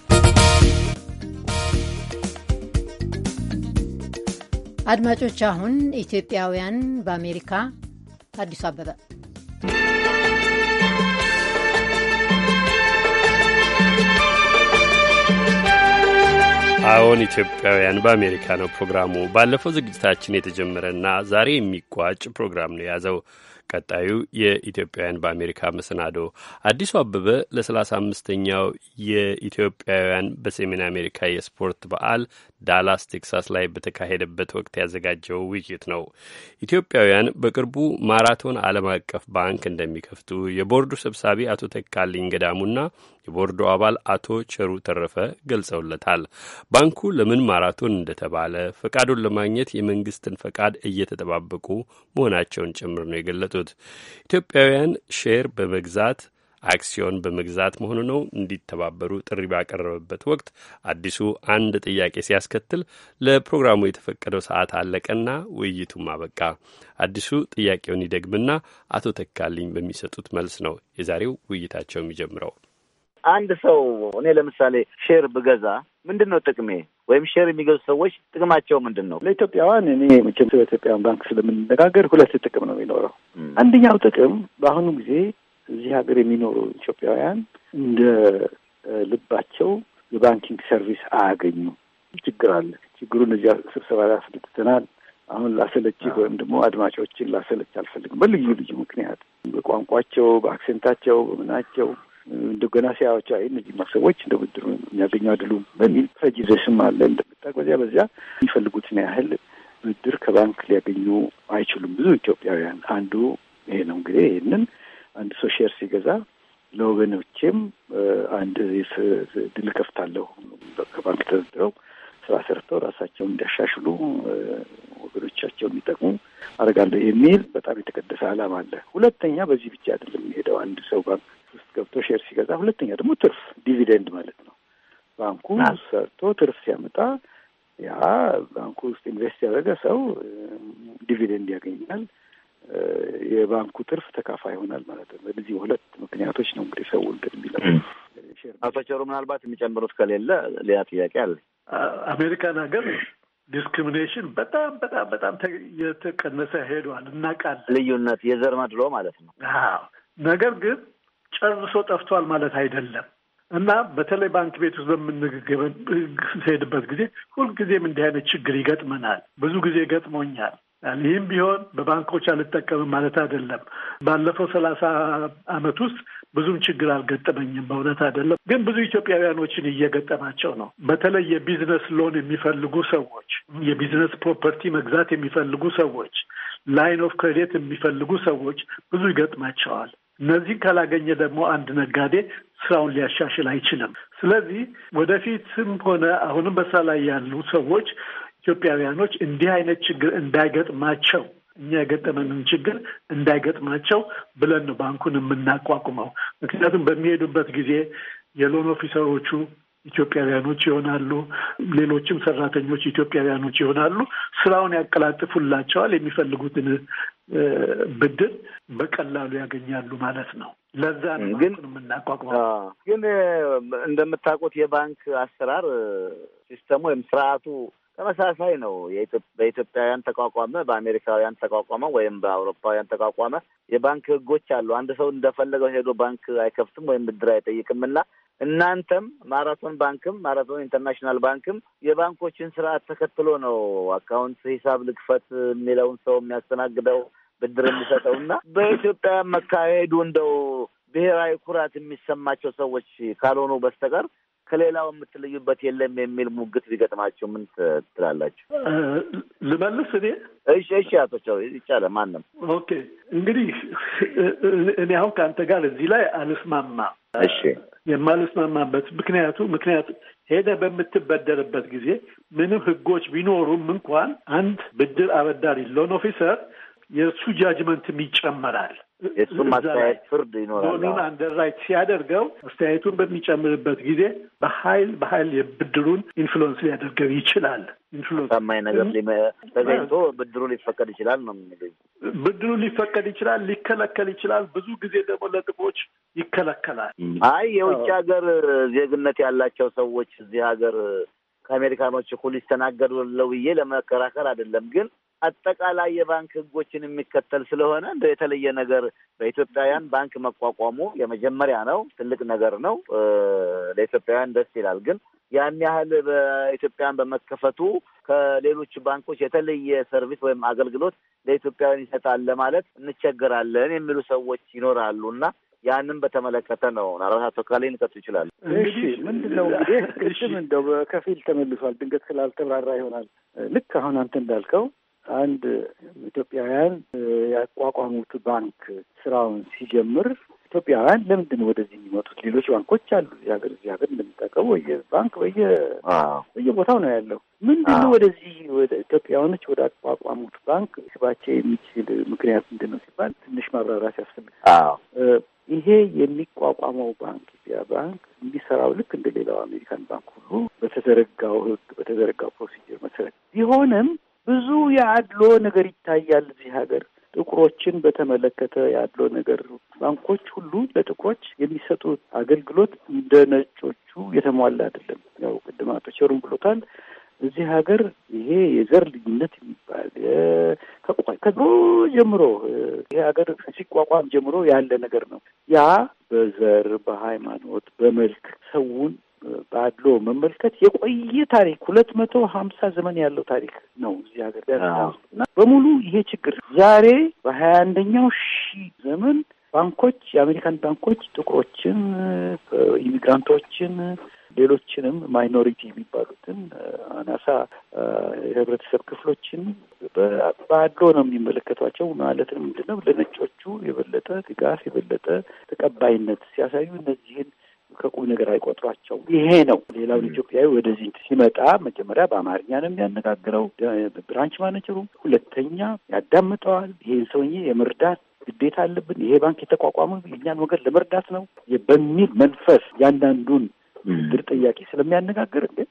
አድማጮች፣ አሁን ኢትዮጵያውያን በአሜሪካ አዲሱ አበበ አዎን ኢትዮጵያውያን በአሜሪካ ነው ፕሮግራሙ። ባለፈው ዝግጅታችን የተጀመረና ዛሬ የሚቋጭ ፕሮግራም ነው የያዘው። ቀጣዩ የኢትዮጵያውያን በአሜሪካ መሰናዶ አዲሱ አበበ ለሰላሳ አምስተኛው የኢትዮጵያውያን በሰሜን አሜሪካ የስፖርት በዓል ዳላስ ቴክሳስ ላይ በተካሄደበት ወቅት ያዘጋጀው ውይይት ነው። ኢትዮጵያውያን በቅርቡ ማራቶን ዓለም አቀፍ ባንክ እንደሚከፍቱ የቦርዱ ሰብሳቢ አቶ ተካልኝ ገዳሙና የቦርዶ አባል አቶ ቸሩ ተረፈ ገልጸውለታል። ባንኩ ለምን ማራቶን እንደተባለ ፈቃዱን ለማግኘት የመንግስትን ፈቃድ እየተጠባበቁ መሆናቸውን ጭምር ነው የገለጡት። ኢትዮጵያውያን ሼር በመግዛት አክሲዮን በመግዛት መሆኑ ነው እንዲተባበሩ ጥሪ ባቀረበበት ወቅት አዲሱ አንድ ጥያቄ ሲያስከትል ለፕሮግራሙ የተፈቀደው ሰዓት አለቀና ውይይቱም አበቃ። አዲሱ ጥያቄውን ይደግምና አቶ ተካልኝ በሚሰጡት መልስ ነው የዛሬው ውይይታቸው የሚጀምረው። አንድ ሰው እኔ ለምሳሌ ሼር ብገዛ ምንድን ነው ጥቅሜ? ወይም ሼር የሚገዙ ሰዎች ጥቅማቸው ምንድን ነው? ለኢትዮጵያውያን እኔ መቼም ስለ ኢትዮጵያውያን ባንክ ስለምንነጋገር ሁለት ጥቅም ነው የሚኖረው። አንደኛው ጥቅም በአሁኑ ጊዜ እዚህ ሀገር የሚኖሩ ኢትዮጵያውያን እንደ ልባቸው የባንኪንግ ሰርቪስ አያገኙ ችግር አለ። ችግሩን እዚያ ስብሰባ ላይ አሁን ላሰለችህ ወይም ደግሞ አድማጮችን ላሰለች አልፈልግም። በልዩ ልዩ ምክንያት በቋንቋቸው፣ በአክሴንታቸው፣ በምናቸው እንደገና ሲያዩቸው አይ እነዚህ ማሰቦች እንደ ብድሩ የሚያገኙ አይደሉም በሚል ፕሬጁዲስም አለ። እንደምታውቅ በዚያ በዚያ የሚፈልጉትን ያህል ብድር ከባንክ ሊያገኙ አይችሉም ብዙ ኢትዮጵያውያን። አንዱ ይሄ ነው እንግዲህ ይህንን አንድ ሰው ሼር ሲገዛ ለወገኖቼም አንድ ድል ከፍታለሁ ከባንክ ተበድረው ስራ ሰርተው ራሳቸውን እንዲያሻሽሉ ወገኖቻቸው እንዲጠቅሙ አደርጋለሁ የሚል በጣም የተቀደሰ ዓላማ አለ። ሁለተኛ በዚህ ብቻ አይደለም የሚሄደው። አንድ ሰው ባንክ ውስጥ ገብቶ ሼር ሲገዛ፣ ሁለተኛ ደግሞ ትርፍ ዲቪደንድ ማለት ነው። ባንኩ ሰርቶ ትርፍ ሲያመጣ ያ ባንኩ ውስጥ ኢንቨስት ያደረገ ሰው ዲቪደንድ ያገኛል። የባንኩ ትርፍ ተካፋ ይሆናል ማለት ነው። በዚህ ሁለት ምክንያቶች ነው እንግዲህ ሰው እንትን የሚለው። አቶ ቸሩ ምናልባት የሚጨምሩት ከሌለ ሌላ ጥያቄ አለ። አሜሪካን ሀገር ዲስክሪሚኔሽን በጣም በጣም በጣም የተቀነሰ ሄዷል፣ እናውቃለን። ልዩነት የዘር መድሎ ማለት ነው። ነገር ግን ጨርሶ ጠፍቷል ማለት አይደለም እና በተለይ ባንክ ቤት ውስጥ በምንሄድበት ጊዜ ሁልጊዜም እንዲህ አይነት ችግር ይገጥመናል። ብዙ ጊዜ ገጥሞኛል። ይህም ቢሆን በባንኮች አልጠቀምም ማለት አይደለም። ባለፈው ሰላሳ አመት ውስጥ ብዙም ችግር አልገጠመኝም በእውነት አይደለም። ግን ብዙ ኢትዮጵያውያኖችን እየገጠማቸው ነው። በተለይ የቢዝነስ ሎን የሚፈልጉ ሰዎች፣ የቢዝነስ ፕሮፐርቲ መግዛት የሚፈልጉ ሰዎች፣ ላይን ኦፍ ክሬዲት የሚፈልጉ ሰዎች ብዙ ይገጥማቸዋል። እነዚህን ካላገኘ ደግሞ አንድ ነጋዴ ስራውን ሊያሻሽል አይችልም። ስለዚህ ወደፊትም ሆነ አሁንም በስራ ላይ ያሉ ሰዎች ኢትዮጵያውያኖች እንዲህ አይነት ችግር እንዳይገጥማቸው እኛ የገጠመንን ችግር እንዳይገጥማቸው ብለን ነው ባንኩን የምናቋቁመው። ምክንያቱም በሚሄዱበት ጊዜ የሎን ኦፊሰሮቹ ኢትዮጵያውያኖች ይሆናሉ። ሌሎችም ሰራተኞች ኢትዮጵያውያኖች ይሆናሉ። ስራውን ያቀላጥፉላቸዋል። የሚፈልጉትን ብድር በቀላሉ ያገኛሉ ማለት ነው። ለዛ ነው ግን የምናቋቁመው። ግን እንደምታውቁት የባንክ አሰራር ሲስተሙ ወይም ስርዓቱ ተመሳሳይ ነው። በኢትዮጵያውያን ተቋቋመ፣ በአሜሪካውያን ተቋቋመ፣ ወይም በአውሮፓውያን ተቋቋመ፣ የባንክ ህጎች አሉ። አንድ ሰው እንደፈለገው ሄዶ ባንክ አይከፍትም ወይም ብድር አይጠይቅም እና እናንተም ማራቶን ባንክም ማራቶን ኢንተርናሽናል ባንክም የባንኮችን ስርዓት ተከትሎ ነው አካውንት ሂሳብ ልክፈት የሚለውን ሰው የሚያስተናግደው ብድር የሚሰጠው እና በኢትዮጵያ መካሄዱ እንደው ብሔራዊ ኩራት የሚሰማቸው ሰዎች ካልሆኑ በስተቀር ከሌላው የምትለዩበት የለም የሚል ሙግት ቢገጥማቸው ምን ትላላችሁ? ልመልስ እኔ። እሺ እሺ፣ አቶ ቸው ይቻለ ማንም። ኦኬ እንግዲህ እኔ አሁን ከአንተ ጋር እዚህ ላይ አልስማማም። እሺ የማልስማማበት ምክንያቱ ምክንያቱ ሄደህ በምትበደርበት ጊዜ ምንም ህጎች ቢኖሩም እንኳን አንድ ብድር አበዳሪ ሎን ኦፊሰር የእሱ ጃጅመንትም ይጨመራል። የእሱም አስተያየት ፍርድ ይኖራል። ሎኑን አንደርራይት ሲያደርገው አስተያየቱን በሚጨምርበት ጊዜ በሀይል በሀይል የብድሩን ኢንፍሉወንስ ሊያደርገው ይችላል። አሳማኝ ነገር ተገኝቶ ብድሩ ሊፈቀድ ይችላል ነው የሚሉኝ። ብድሩ ሊፈቀድ ይችላል፣ ሊከለከል ይችላል። ብዙ ጊዜ ደግሞ ለጥፎች ይከለከላል። አይ የውጭ ሀገር ዜግነት ያላቸው ሰዎች እዚህ ሀገር ከአሜሪካኖች እኩል ይስተናገዱ ብዬ ለመከራከር አይደለም። ግን አጠቃላይ የባንክ ህጎችን የሚከተል ስለሆነ እንደ የተለየ ነገር በኢትዮጵያውያን ባንክ መቋቋሙ የመጀመሪያ ነው። ትልቅ ነገር ነው። ለኢትዮጵያውያን ደስ ይላል። ግን ያን ያህል በኢትዮጵያን በመከፈቱ ከሌሎች ባንኮች የተለየ ሰርቪስ ወይም አገልግሎት ለኢትዮጵያውያን ይሰጣል ለማለት እንቸገራለን የሚሉ ሰዎች ይኖራሉ እና ያንን በተመለከተ ነው። ምናልባት አቶ ካሌ ሊቀጥሉ እሺ ምንድን ነው እንግዲህ ቅድም እንደው በከፊል ተመልሷል፣ ድንገት ስላልተብራራ ይሆናል። ልክ አሁን አንተ እንዳልከው አንድ ኢትዮጵያውያን ያቋቋሙት ባንክ ስራውን ሲጀምር ኢትዮጵያውያን ለምንድን ወደዚህ የሚመጡት? ሌሎች ባንኮች አሉ እዚህ ሀገር እዚህ ሀገር እንደሚጠቀሙ በየባንክ በየ በየቦታው ነው ያለው። ምንድን ነው ወደዚህ ወደ ኢትዮጵያውያኖች ወደ አቋቋሙት ባንክ ስባቸው የሚችል ምክንያት ምንድን ነው ሲባል ትንሽ ማብራራት ያስፈልግ። ይሄ የሚቋቋመው ባንክ ኢትዮጵያ ባንክ የሚሰራው ልክ እንደ ሌላው አሜሪካን ባንክ ሁሉ በተዘረጋው ህግ በተዘረጋው ፕሮሲጀር መሰረት ቢሆንም ብዙ የአድሎ ነገር ይታያል እዚህ ሀገር ጥቁሮችን በተመለከተ ያለው ነገር ባንኮች ሁሉ ለጥቁሮች የሚሰጡት አገልግሎት እንደ ነጮቹ የተሟላ አይደለም። ያው ቅድም አቶ ብሎታል። እዚህ ሀገር ይሄ የዘር ልዩነት የሚባል ከድሮ ጀምሮ ይሄ ሀገር ሲቋቋም ጀምሮ ያለ ነገር ነው። ያ በዘር በሃይማኖት፣ በመልክ ሰውን አድሎ መመልከት የቆየ ታሪክ ሁለት መቶ ሀምሳ ዘመን ያለው ታሪክ ነው እዚህ ሀገር እና በሙሉ ይሄ ችግር ዛሬ በሀያ አንደኛው ሺ ዘመን ባንኮች የአሜሪካን ባንኮች ጥቁሮችን፣ ኢሚግራንቶችን፣ ሌሎችንም ማይኖሪቲ የሚባሉትን አናሳ የህብረተሰብ ክፍሎችን በአድሎ ነው የሚመለከቷቸው። ማለትም ምንድነው ለነጮቹ የበለጠ ድጋፍ የበለጠ ተቀባይነት ሲያሳዩ እነዚህን ከቁም ነገር አይቆጥሯቸው። ይሄ ነው። ሌላውን ኢትዮጵያዊ ወደዚህ ሲመጣ መጀመሪያ በአማርኛ ነው የሚያነጋግረው ብራንች ማኔጀሩ። ሁለተኛ ያዳምጠዋል። ይሄን ሰውዬ የመርዳት ግዴታ አለብን። ይሄ ባንክ የተቋቋመው የእኛን ወገን ለመርዳት ነው በሚል መንፈስ ያንዳንዱን ድር ጥያቄ ስለሚያነጋግር ግን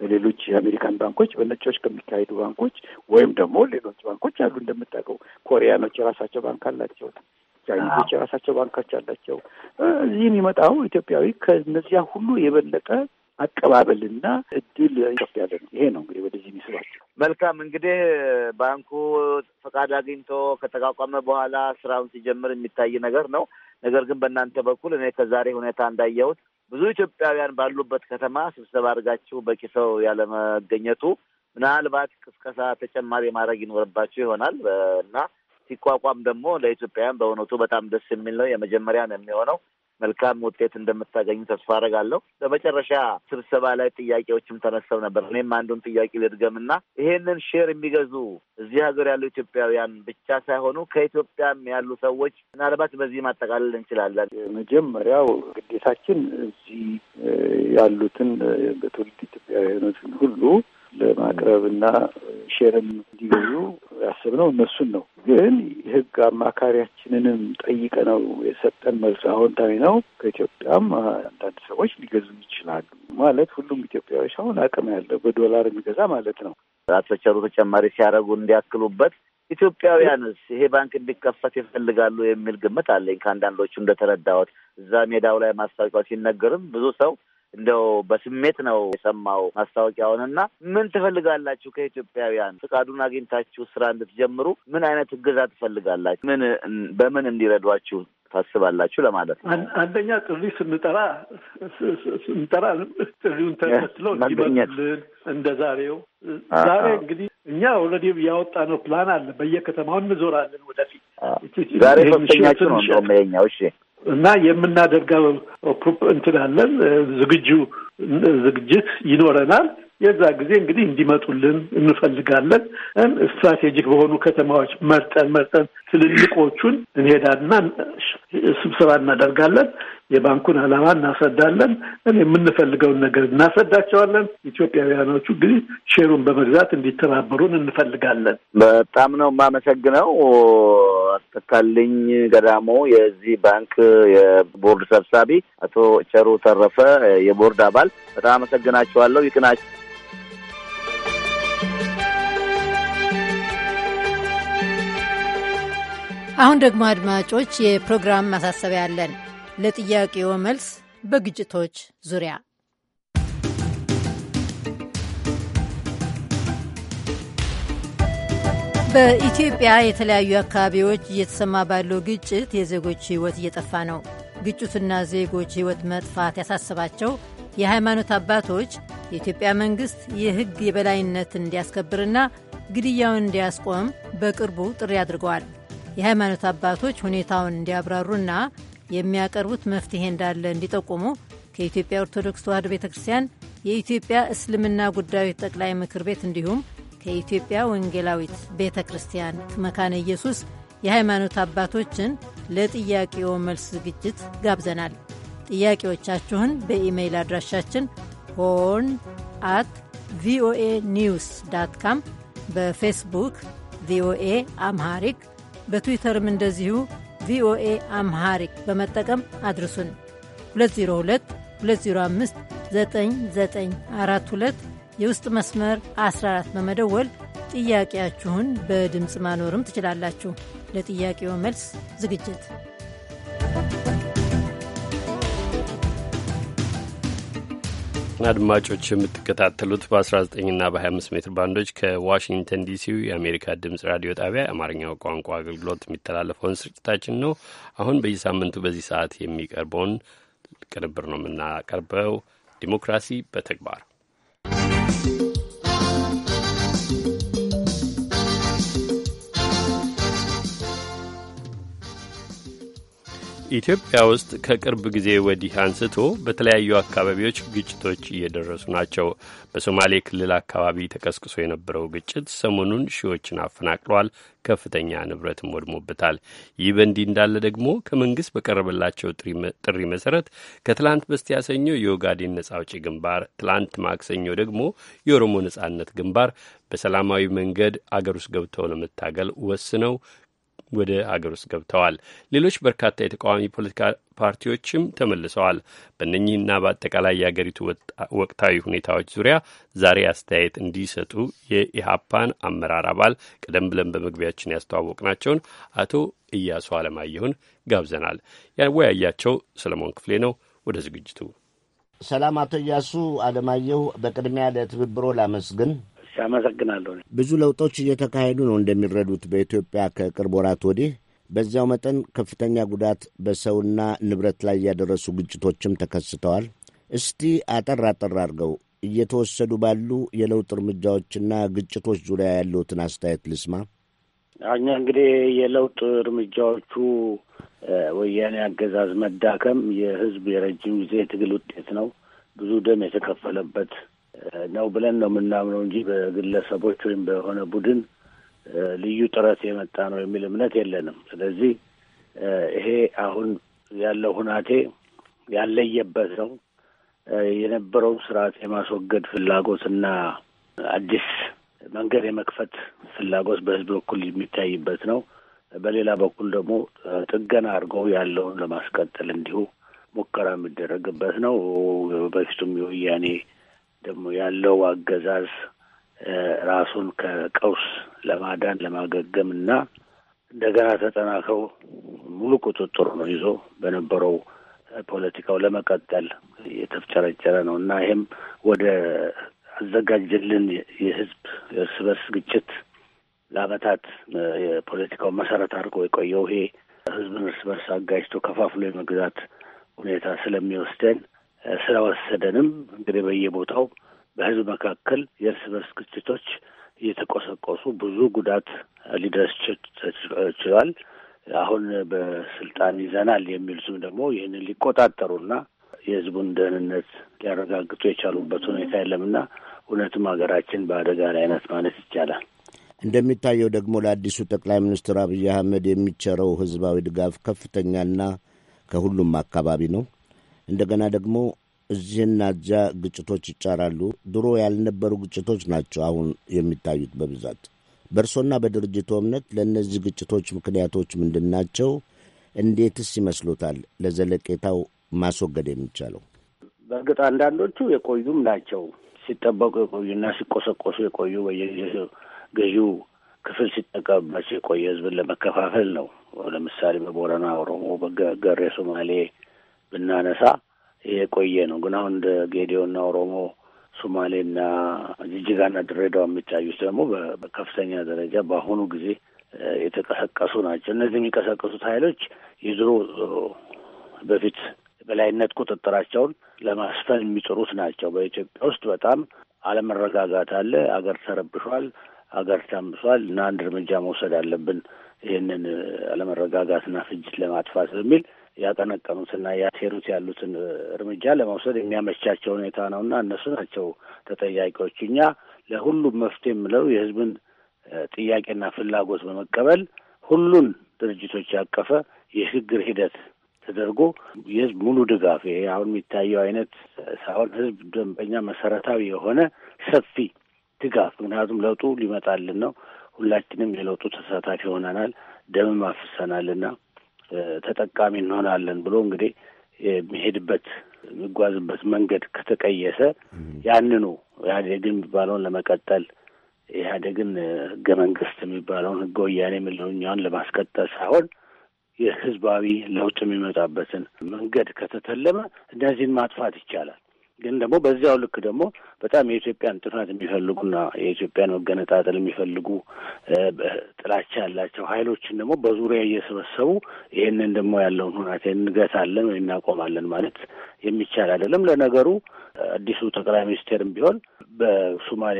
በሌሎች የአሜሪካን ባንኮች በነጮች ከሚካሄዱ ባንኮች ወይም ደግሞ ሌሎች ባንኮች አሉ። እንደምታውቀው ኮሪያኖች የራሳቸው ባንክ አላቸው። ቻይኒዞች የራሳቸው ባንኮች አላቸው። እዚህ የሚመጣው ኢትዮጵያዊ ከእነዚያ ሁሉ የበለጠ አቀባበልና እድል ኢትዮጵያ ያለ ነው። ይሄ ነው እንግዲህ ወደዚህ የሚስባቸው። መልካም እንግዲህ ባንኩ ፈቃድ አግኝቶ ከተቋቋመ በኋላ ስራውን ሲጀምር የሚታይ ነገር ነው። ነገር ግን በእናንተ በኩል እኔ ከዛሬ ሁኔታ እንዳየሁት ብዙ ኢትዮጵያውያን ባሉበት ከተማ ስብሰባ አድርጋችሁ በቂ ሰው ያለመገኘቱ ምናልባት ቅስቀሳ ተጨማሪ ማድረግ ይኖርባችሁ ይሆናል እና ሲቋቋም ደግሞ ለኢትዮጵያውያን በእውነቱ በጣም ደስ የሚል ነው። የመጀመሪያ ነው የሚሆነው። መልካም ውጤት እንደምታገኝ ተስፋ አደርጋለሁ። በመጨረሻ ስብሰባ ላይ ጥያቄዎችም ተነስተው ነበር። እኔም አንዱን ጥያቄ ልድገምና ይሄንን ሼር የሚገዙ እዚህ ሀገር ያሉ ኢትዮጵያውያን ብቻ ሳይሆኑ ከኢትዮጵያም ያሉ ሰዎች ምናልባት በዚህ ማጠቃለል እንችላለን። መጀመሪያው ግዴታችን እዚህ ያሉትን በትውልድ ኢትዮጵያውያኖችን ሁሉ ለማቅረብ እና ሼርም እንዲገዙ ያስብነው እነሱን ነው። ግን የህግ አማካሪያችንንም ነው የሰጠን መልስ አዎንታዊ ነው። ከኢትዮጵያም አንዳንድ ሰዎች ሊገዙ ይችላሉ ማለት ሁሉም ኢትዮጵያዊ አሁን አቅም ያለው በዶላር የሚገዛ ማለት ነው። አትፈቸሩ ተጨማሪ ሲያደርጉ እንዲያክሉበት ኢትዮጵያውያንስ ይሄ ባንክ እንዲከፈት ይፈልጋሉ የሚል ግምት አለኝ። ከአንዳንዶቹ እንደተረዳሁት እዛ ሜዳው ላይ ማስታወቂያው ሲነገርም ብዙ ሰው እንደው በስሜት ነው የሰማው ማስታወቂያውን። እና ምን ትፈልጋላችሁ ከኢትዮጵያውያን ፍቃዱን አግኝታችሁ ስራ እንድትጀምሩ ምን አይነት እገዛ ትፈልጋላችሁ? ምን በምን እንዲረዷችሁ ታስባላችሁ ለማለት ነው። አንደኛ ጥሪ ስንጠራ ስንጠራ ጥሪውን ተከትለው እንዲመጡልን እንደ ዛሬው ዛሬ እንግዲህ እኛ ኦልሬዲ ነው ፕላን አለ። በየከተማው እንዞራለን ወደፊት ዛሬ ሶስተኛችሁ ነው እንደውም የእኛው። እሺ እና የምናደርገው ፕሩፕ እንትናለን ዝግጁ ዝግጅት ይኖረናል። የዛ ጊዜ እንግዲህ እንዲመጡልን እንፈልጋለን። ስትራቴጂክ በሆኑ ከተማዎች መርጠን መርጠን ትልልቆቹን እንሄዳና ስብሰባ እናደርጋለን። የባንኩን ዓላማ እናስረዳለን። የምንፈልገውን ነገር እናስረዳቸዋለን። ኢትዮጵያውያኖቹ እንግዲህ ሼሩን በመግዛት እንዲተባበሩን እንፈልጋለን። በጣም ነው የማመሰግነው አስተካልኝ ገዳሞ የዚህ ባንክ የቦርድ ሰብሳቢ፣ አቶ ቸሩ ተረፈ የቦርድ አባል በጣም አመሰግናቸዋለሁ። ይቅናችሁ። አሁን ደግሞ አድማጮች የፕሮግራም ማሳሰቢያ አለን። ለጥያቄው መልስ በግጭቶች ዙሪያ በኢትዮጵያ የተለያዩ አካባቢዎች እየተሰማ ባለው ግጭት የዜጎች ሕይወት እየጠፋ ነው። ግጭቱና ዜጎች ሕይወት መጥፋት ያሳሰባቸው የሃይማኖት አባቶች የኢትዮጵያ መንግሥት የሕግ የበላይነት እንዲያስከብርና ግድያውን እንዲያስቆም በቅርቡ ጥሪ አድርገዋል። የሃይማኖት አባቶች ሁኔታውን እንዲያብራሩና የሚያቀርቡት መፍትሄ እንዳለ እንዲጠቁሙ ከኢትዮጵያ ኦርቶዶክስ ተዋህዶ ቤተ ክርስቲያን የኢትዮጵያ እስልምና ጉዳዮች ጠቅላይ ምክር ቤት እንዲሁም ከኢትዮጵያ ወንጌላዊት ቤተ ክርስቲያን መካነ ኢየሱስ የሃይማኖት አባቶችን ለጥያቄው መልስ ዝግጅት ጋብዘናል። ጥያቄዎቻችሁን በኢሜይል አድራሻችን ሆን አት ቪኦኤ ኒውስ ዳት ካም፣ በፌስቡክ ቪኦኤ አምሃሪክ በትዊተርም እንደዚሁ ቪኦኤ አምሃሪክ በመጠቀም አድርሱን። 2022059942 የውስጥ መስመር 14 በመደወል ጥያቄያችሁን በድምፅ ማኖርም ትችላላችሁ። ለጥያቄው መልስ ዝግጅት አድማጮች የምትከታተሉት በ19ና በ25 ሜትር ባንዶች ከዋሽንግተን ዲሲው የአሜሪካ ድምጽ ራዲዮ ጣቢያ የአማርኛው ቋንቋ አገልግሎት የሚተላለፈውን ስርጭታችን ነው። አሁን በየሳምንቱ በዚህ ሰዓት የሚቀርበውን ቅንብር ነው የምናቀርበው፣ ዲሞክራሲ በተግባር ኢትዮጵያ ውስጥ ከቅርብ ጊዜ ወዲህ አንስቶ በተለያዩ አካባቢዎች ግጭቶች እየደረሱ ናቸው። በሶማሌ ክልል አካባቢ ተቀስቅሶ የነበረው ግጭት ሰሞኑን ሺዎችን አፈናቅሏል፣ ከፍተኛ ንብረትም ወድሞበታል። ይህ በእንዲህ እንዳለ ደግሞ ከመንግስት በቀረበላቸው ጥሪ መሰረት ከትላንት በስቲያ ሰኞ የኦጋዴን ነጻ አውጪ ግንባር፣ ትላንት ማክሰኞ ደግሞ የኦሮሞ ነጻነት ግንባር በሰላማዊ መንገድ አገር ውስጥ ገብተው ለመታገል ወስነው ወደ አገር ውስጥ ገብተዋል። ሌሎች በርካታ የተቃዋሚ ፖለቲካ ፓርቲዎችም ተመልሰዋል። በእነኚህና በአጠቃላይ የአገሪቱ ወቅታዊ ሁኔታዎች ዙሪያ ዛሬ አስተያየት እንዲሰጡ የኢህአፓን አመራር አባል ቀደም ብለን በመግቢያችን ያስተዋወቅናቸውን አቶ እያሱ አለማየሁን ጋብዘናል። ያወያያቸው ሰለሞን ክፍሌ ነው። ወደ ዝግጅቱ ሰላም። አቶ እያሱ አለማየሁ፣ በቅድሚያ ለትብብሮ ላመስግን። አመሰግናለሁ። ብዙ ለውጦች እየተካሄዱ ነው እንደሚረዱት በኢትዮጵያ ከቅርብ ወራት ወዲህ በዚያው መጠን ከፍተኛ ጉዳት በሰውና ንብረት ላይ ያደረሱ ግጭቶችም ተከስተዋል። እስቲ አጠር አጠር አድርገው እየተወሰዱ ባሉ የለውጥ እርምጃዎችና ግጭቶች ዙሪያ ያለውትን አስተያየት ልስማ። እኛ እንግዲህ የለውጥ እርምጃዎቹ ወያኔ አገዛዝ መዳከም የህዝብ የረጅም ጊዜ ትግል ውጤት ነው። ብዙ ደም የተከፈለበት ነው ብለን ነው የምናምነው እንጂ በግለሰቦች ወይም በሆነ ቡድን ልዩ ጥረት የመጣ ነው የሚል እምነት የለንም። ስለዚህ ይሄ አሁን ያለው ሁናቴ ያለየበት ነው። የነበረውን ስርዓት የማስወገድ ፍላጎት እና አዲስ መንገድ የመክፈት ፍላጎት በህዝብ በኩል የሚታይበት ነው። በሌላ በኩል ደግሞ ጥገና አድርገው ያለውን ለማስቀጠል እንዲሁ ሙከራ የሚደረግበት ነው። በፊቱም የወያኔ ደግሞ ያለው አገዛዝ ራሱን ከቀውስ ለማዳን ለማገገም እና እንደገና ተጠናክረው ሙሉ ቁጥጥር ነው ይዞ በነበረው ፖለቲካው ለመቀጠል የተፍጨረጨረ ነው እና ይህም ወደ አዘጋጅልን የህዝብ የእርስ በርስ ግጭት ለአመታት የፖለቲካው መሰረት አድርጎ የቆየው ይሄ ህዝብን እርስ በርስ አጋጅቶ ከፋፍሎ የመግዛት ሁኔታ ስለሚወስደን ስራ ወሰደንም እንግዲህ በየቦታው በህዝብ መካከል የእርስ በርስ ግጭቶች እየተቆሰቆሱ ብዙ ጉዳት ሊደርስ ችሏል። አሁን በስልጣን ይዘናል የሚል ስም ደግሞ ይህንን ሊቆጣጠሩና የህዝቡን ደህንነት ሊያረጋግጡ የቻሉበት ሁኔታ የለምና እውነትም ሀገራችን በአደጋ ላይ አይነት ማለት ይቻላል። እንደሚታየው ደግሞ ለአዲሱ ጠቅላይ ሚኒስትር አብይ አህመድ የሚቸረው ህዝባዊ ድጋፍ ከፍተኛና ከሁሉም አካባቢ ነው። እንደገና ደግሞ እዚህና እዚያ ግጭቶች ይጫራሉ። ድሮ ያልነበሩ ግጭቶች ናቸው አሁን የሚታዩት በብዛት። በእርሶና በድርጅቱ እምነት ለእነዚህ ግጭቶች ምክንያቶች ምንድን ናቸው? እንዴትስ ይመስሎታል ለዘለቄታው ማስወገድ የሚቻለው? በእርግጥ አንዳንዶቹ የቆዩም ናቸው ሲጠበቁ የቆዩና ሲቆሰቆሱ የቆዩ ገዢው ክፍል ሲጠቀምበት የቆየ ህዝብን ለመከፋፈል ነው። ለምሳሌ በቦረና ኦሮሞ፣ በገሬ ሶማሌ ብናነሳ የቆየ ነው። ግን አሁን እንደ ጌዲዮና ኦሮሞ ሶማሌና ጅጅጋና ድሬዳዋ የሚታዩት ደግሞ በከፍተኛ ደረጃ በአሁኑ ጊዜ የተቀሰቀሱ ናቸው። እነዚህ የሚቀሰቀሱት ኃይሎች የድሮ በፊት በላይነት ቁጥጥራቸውን ለማስፈን የሚጥሩት ናቸው። በኢትዮጵያ ውስጥ በጣም አለመረጋጋት አለ። አገር ተረብሿል፣ አገር ታምሷል እና አንድ እርምጃ መውሰድ አለብን ይህንን አለመረጋጋትና ፍጅት ለማጥፋት በሚል ያቀነቀኑትና ያሴሩት ያሉትን እርምጃ ለመውሰድ የሚያመቻቸው ሁኔታ ነው እና እነሱ ናቸው ተጠያቂዎች። እኛ ለሁሉም መፍትሄ የምለው የህዝብን ጥያቄና ፍላጎት በመቀበል ሁሉን ድርጅቶች ያቀፈ የሽግግር ሂደት ተደርጎ የህዝብ ሙሉ ድጋፍ ይሄ አሁን የሚታየው አይነት ሳይሆን ህዝብ ደንበኛ መሰረታዊ የሆነ ሰፊ ድጋፍ ምክንያቱም ለውጡ ሊመጣልን ነው። ሁላችንም የለውጡ ተሳታፊ ሆነናል፣ ደምም አፍሰናልና ተጠቃሚ እንሆናለን ብሎ እንግዲህ የሚሄድበት የሚጓዝበት መንገድ ከተቀየሰ ያንኑ ኢህአዴግን የሚባለውን ለመቀጠል ኢህአዴግን ህገ መንግስት የሚባለውን ህገ ወያኔ የሚለውኛውን ለማስቀጠል ሳይሆን የህዝባዊ ለውጥ የሚመጣበትን መንገድ ከተተለመ እነዚህን ማጥፋት ይቻላል። ግን ደግሞ በዚያው ልክ ደግሞ በጣም የኢትዮጵያን ጥፋት የሚፈልጉና የኢትዮጵያን መገነጣጠል የሚፈልጉ ጥላቻ ያላቸው ኃይሎችን ደግሞ በዙሪያ እየሰበሰቡ ይህንን ደግሞ ያለውን ሁናቴ እንገታለን ወይ እናቆማለን ማለት የሚቻል አይደለም። ለነገሩ አዲሱ ጠቅላይ ሚኒስቴርም ቢሆን በሶማሌ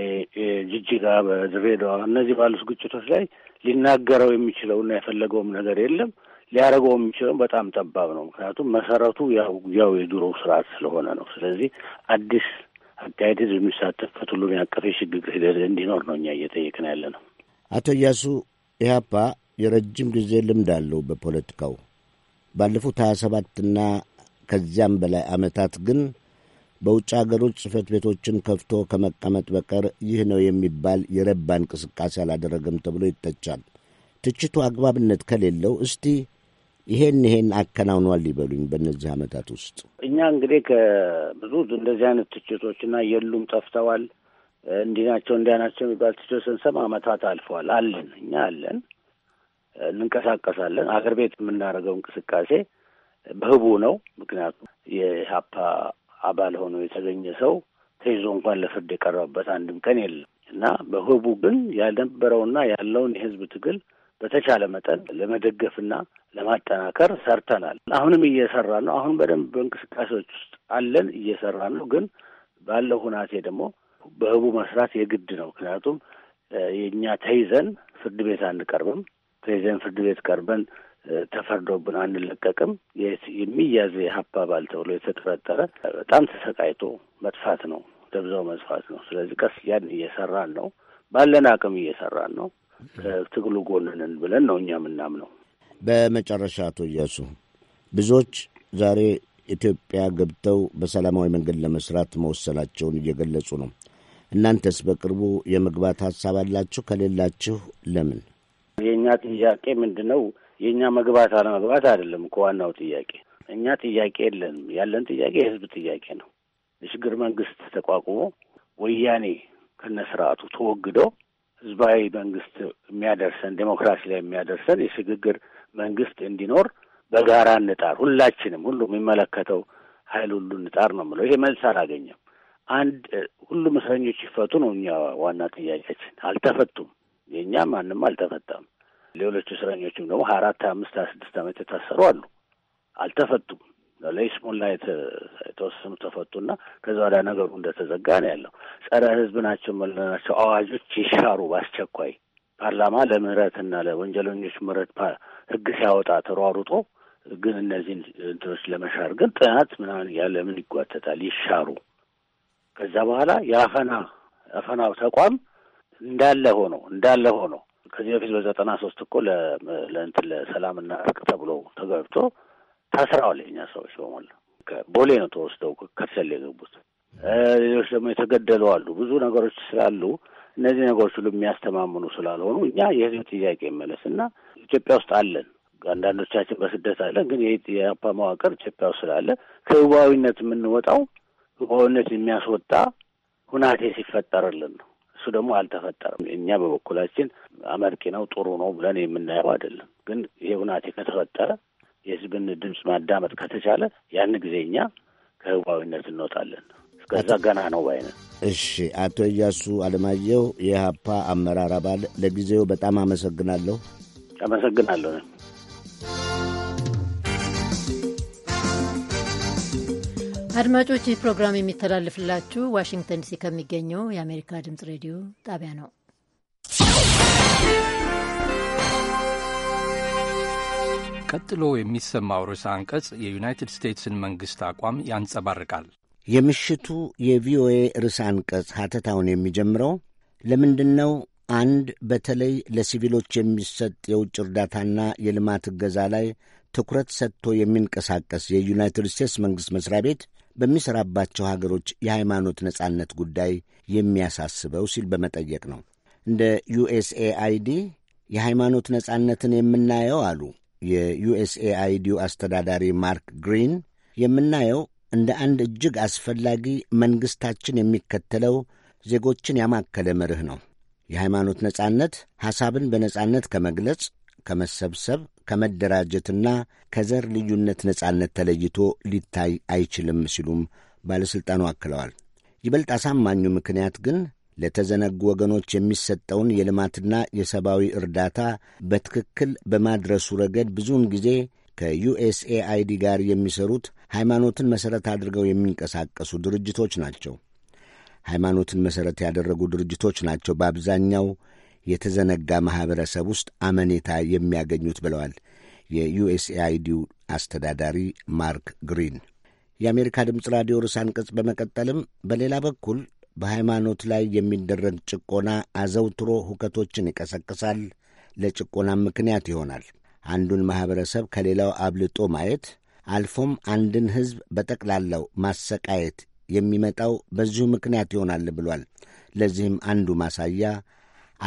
ጅጅጋ፣ በድሬዳዋ እነዚህ ባሉት ግጭቶች ላይ ሊናገረው የሚችለውና የፈለገውም ነገር የለም። ሊያደርገው የሚችለው በጣም ጠባብ ነው። ምክንያቱም መሰረቱ ያው ያው የድሮ ስርዓት ስለሆነ ነው። ስለዚህ አዲስ አካሄድ ህዝብ የሚሳተፍበት ሁሉም ያቀፈ የሽግግር ሂደት እንዲኖር ነው እኛ እየጠየቅን ያለ ነው። አቶ እያሱ ኢህአፓ የረጅም ጊዜ ልምድ አለው በፖለቲካው ባለፉት ሀያ ሰባትና ከዚያም በላይ ዓመታት ግን በውጭ አገሮች ጽህፈት ቤቶችን ከፍቶ ከመቀመጥ በቀር ይህ ነው የሚባል የረባ እንቅስቃሴ አላደረገም ተብሎ ይተቻል። ትችቱ አግባብነት ከሌለው እስቲ ይሄን ይሄን አከናውኗል ይበሉኝ። በእነዚህ ዓመታት ውስጥ እኛ እንግዲህ ከብዙ እንደዚህ አይነት ትችቶችና የሉም ጠፍተዋል፣ እንዲህ ናቸው እንዲያ ናቸው የሚባል ትችቶች ስንሰማ ዓመታት አልፈዋል። አለን እኛ አለን፣ እንንቀሳቀሳለን። አገር ቤት የምናደርገው እንቅስቃሴ በህቡ ነው። ምክንያቱም የሀፓ አባል ሆኖ የተገኘ ሰው ተይዞ እንኳን ለፍርድ የቀረበበት አንድም ቀን የለም እና በህቡ ግን ያልነበረውና ያለውን የህዝብ ትግል በተቻለ መጠን ለመደገፍና ለማጠናከር ሰርተናል። አሁንም እየሰራ ነው። አሁን በደንብ በእንቅስቃሴዎች ውስጥ አለን፣ እየሰራ ነው። ግን ባለው ሁናቴ ደግሞ በህቡ መስራት የግድ ነው። ምክንያቱም የእኛ ተይዘን ፍርድ ቤት አንቀርብም። ተይዘን ፍርድ ቤት ቀርበን ተፈርዶብን አንለቀቅም። የሚያዝ የሀብ ተብሎ የተጠረጠረ በጣም ተሰቃይቶ መጥፋት ነው፣ ደብዛው መጥፋት ነው። ስለዚህ ቀስ ያን እየሰራን ነው፣ ባለን አቅም እየሰራን ነው። ከትግሉ ጎንንን ብለን ነው እኛ የምናምነው። በመጨረሻ አቶ እያሱ ብዙዎች ዛሬ ኢትዮጵያ ገብተው በሰላማዊ መንገድ ለመስራት መወሰናቸውን እየገለጹ ነው። እናንተስ በቅርቡ የመግባት ሀሳብ አላችሁ? ከሌላችሁ ለምን? የእኛ ጥያቄ ምንድን ነው? የእኛ መግባት አለመግባት አይደለም እኮ ዋናው ጥያቄ። እኛ ጥያቄ የለንም። ያለን ጥያቄ የህዝብ ጥያቄ ነው። የሽግግር መንግስት ተቋቁሞ ወያኔ ከነስርዓቱ ተወግዶ ህዝባዊ መንግስት የሚያደርሰን ዴሞክራሲ ላይ የሚያደርሰን የሽግግር መንግስት እንዲኖር በጋራ እንጣር። ሁላችንም ሁሉ የሚመለከተው ሀይል ሁሉ እንጣር ነው የምለው። ይሄ መልስ አላገኘም። አንድ ሁሉም እስረኞች ይፈቱ ነው እኛ ዋና ጥያቄያችን። አልተፈቱም። የእኛ ማንም አልተፈታም። ሌሎች እስረኞችም ደግሞ ሀያ አራት ሀያ አምስት ሀያ ስድስት ዓመት የታሰሩ አሉ፣ አልተፈቱም። ለይስሙላ የተወሰኑ ተፈቱና ከዛ ወዲያ ነገሩ እንደተዘጋ ነው ያለው። ጸረ ህዝብ ናቸው መለናቸው አዋጆች ይሻሩ በአስቸኳይ ፓርላማ ለምህረትና ለወንጀለኞች ምህረት ህግ ሲያወጣ ተሯሩጦ ግን እነዚህን እንትኖች ለመሻር ግን ጥናት ምናምን ያለምን ይጓተታል ይሻሩ። ከዛ በኋላ የአፈና አፈናው ተቋም እንዳለ ሆኖ እንዳለ ሆኖ ከዚህ በፊት በዘጠና ሶስት እኮ ለእንትን ለሰላምና እርቅ ተብሎ ተገብቶ ታስረዋል። የኛ ሰዎች በሞላ ከቦሌ ነው ተወስደው ከሰል የገቡት። ሌሎች ደግሞ የተገደሉ አሉ። ብዙ ነገሮች ስላሉ እነዚህ ነገሮች ሁሉ የሚያስተማምኑ ስላልሆኑ እኛ የህዝብ ጥያቄ መለስ እና ኢትዮጵያ ውስጥ አለን አንዳንዶቻችን በስደት አለን፣ ግን የኢያፓ መዋቅር ኢትዮጵያ ውስጥ ስላለ ከህዋዊነት የምንወጣው ህዋዊነት የሚያስወጣ ሁናቴ ሲፈጠርልን ነው። እሱ ደግሞ አልተፈጠረም። እኛ በበኩላችን አመርቂ ነው ጥሩ ነው ብለን የምናየው አይደለም። ግን ይሄ ሁናቴ ከተፈጠረ የህዝብን ድምፅ ማዳመጥ ከተቻለ ያን ጊዜ እኛ ከህዋዊነት እንወጣለን። እስከዛ ገና ነው ባይነ። እሺ፣ አቶ እያሱ አለማየሁ የሀፓ አመራር አባል፣ ለጊዜው በጣም አመሰግናለሁ። አመሰግናለሁ። አድማጮች፣ ይህ ፕሮግራም የሚተላልፍላችሁ ዋሽንግተን ዲሲ ከሚገኘው የአሜሪካ ድምፅ ሬዲዮ ጣቢያ ነው። ቀጥሎ የሚሰማው ርዕሰ አንቀጽ የዩናይትድ ስቴትስን መንግሥት አቋም ያንጸባርቃል። የምሽቱ የቪኦኤ ርዕሰ አንቀጽ ሐተታውን የሚጀምረው ለምንድን ነው አንድ በተለይ ለሲቪሎች የሚሰጥ የውጭ እርዳታና የልማት እገዛ ላይ ትኩረት ሰጥቶ የሚንቀሳቀስ የዩናይትድ ስቴትስ መንግሥት መሥሪያ ቤት በሚሠራባቸው ሀገሮች የሃይማኖት ነጻነት ጉዳይ የሚያሳስበው ሲል በመጠየቅ ነው። እንደ ዩኤስኤአይዲ የሃይማኖት ነጻነትን የምናየው አሉ የዩኤስኤአይዲው አስተዳዳሪ ማርክ ግሪን የምናየው እንደ አንድ እጅግ አስፈላጊ መንግሥታችን የሚከተለው ዜጎችን ያማከለ መርህ ነው። የሃይማኖት ነጻነት ሐሳብን በነጻነት ከመግለጽ፣ ከመሰብሰብ፣ ከመደራጀትና ከዘር ልዩነት ነጻነት ተለይቶ ሊታይ አይችልም ሲሉም ባለሥልጣኑ አክለዋል። ይበልጥ አሳማኙ ምክንያት ግን ለተዘነጉ ወገኖች የሚሰጠውን የልማትና የሰብአዊ እርዳታ በትክክል በማድረሱ ረገድ ብዙውን ጊዜ ከዩኤስኤአይዲ ጋር የሚሰሩት ሃይማኖትን መሠረት አድርገው የሚንቀሳቀሱ ድርጅቶች ናቸው። ሃይማኖትን መሠረት ያደረጉ ድርጅቶች ናቸው በአብዛኛው የተዘነጋ ማኅበረሰብ ውስጥ አመኔታ የሚያገኙት ብለዋል የዩኤስኤአይዲው አስተዳዳሪ ማርክ ግሪን። የአሜሪካ ድምፅ ራዲዮ ርዕሰ አንቀጽ በመቀጠልም በሌላ በኩል በሃይማኖት ላይ የሚደረግ ጭቆና አዘውትሮ ሁከቶችን ይቀሰቅሳል፣ ለጭቆናም ምክንያት ይሆናል። አንዱን ማኅበረሰብ ከሌላው አብልጦ ማየት አልፎም አንድን ሕዝብ በጠቅላላው ማሰቃየት የሚመጣው በዚሁ ምክንያት ይሆናል ብሏል። ለዚህም አንዱ ማሳያ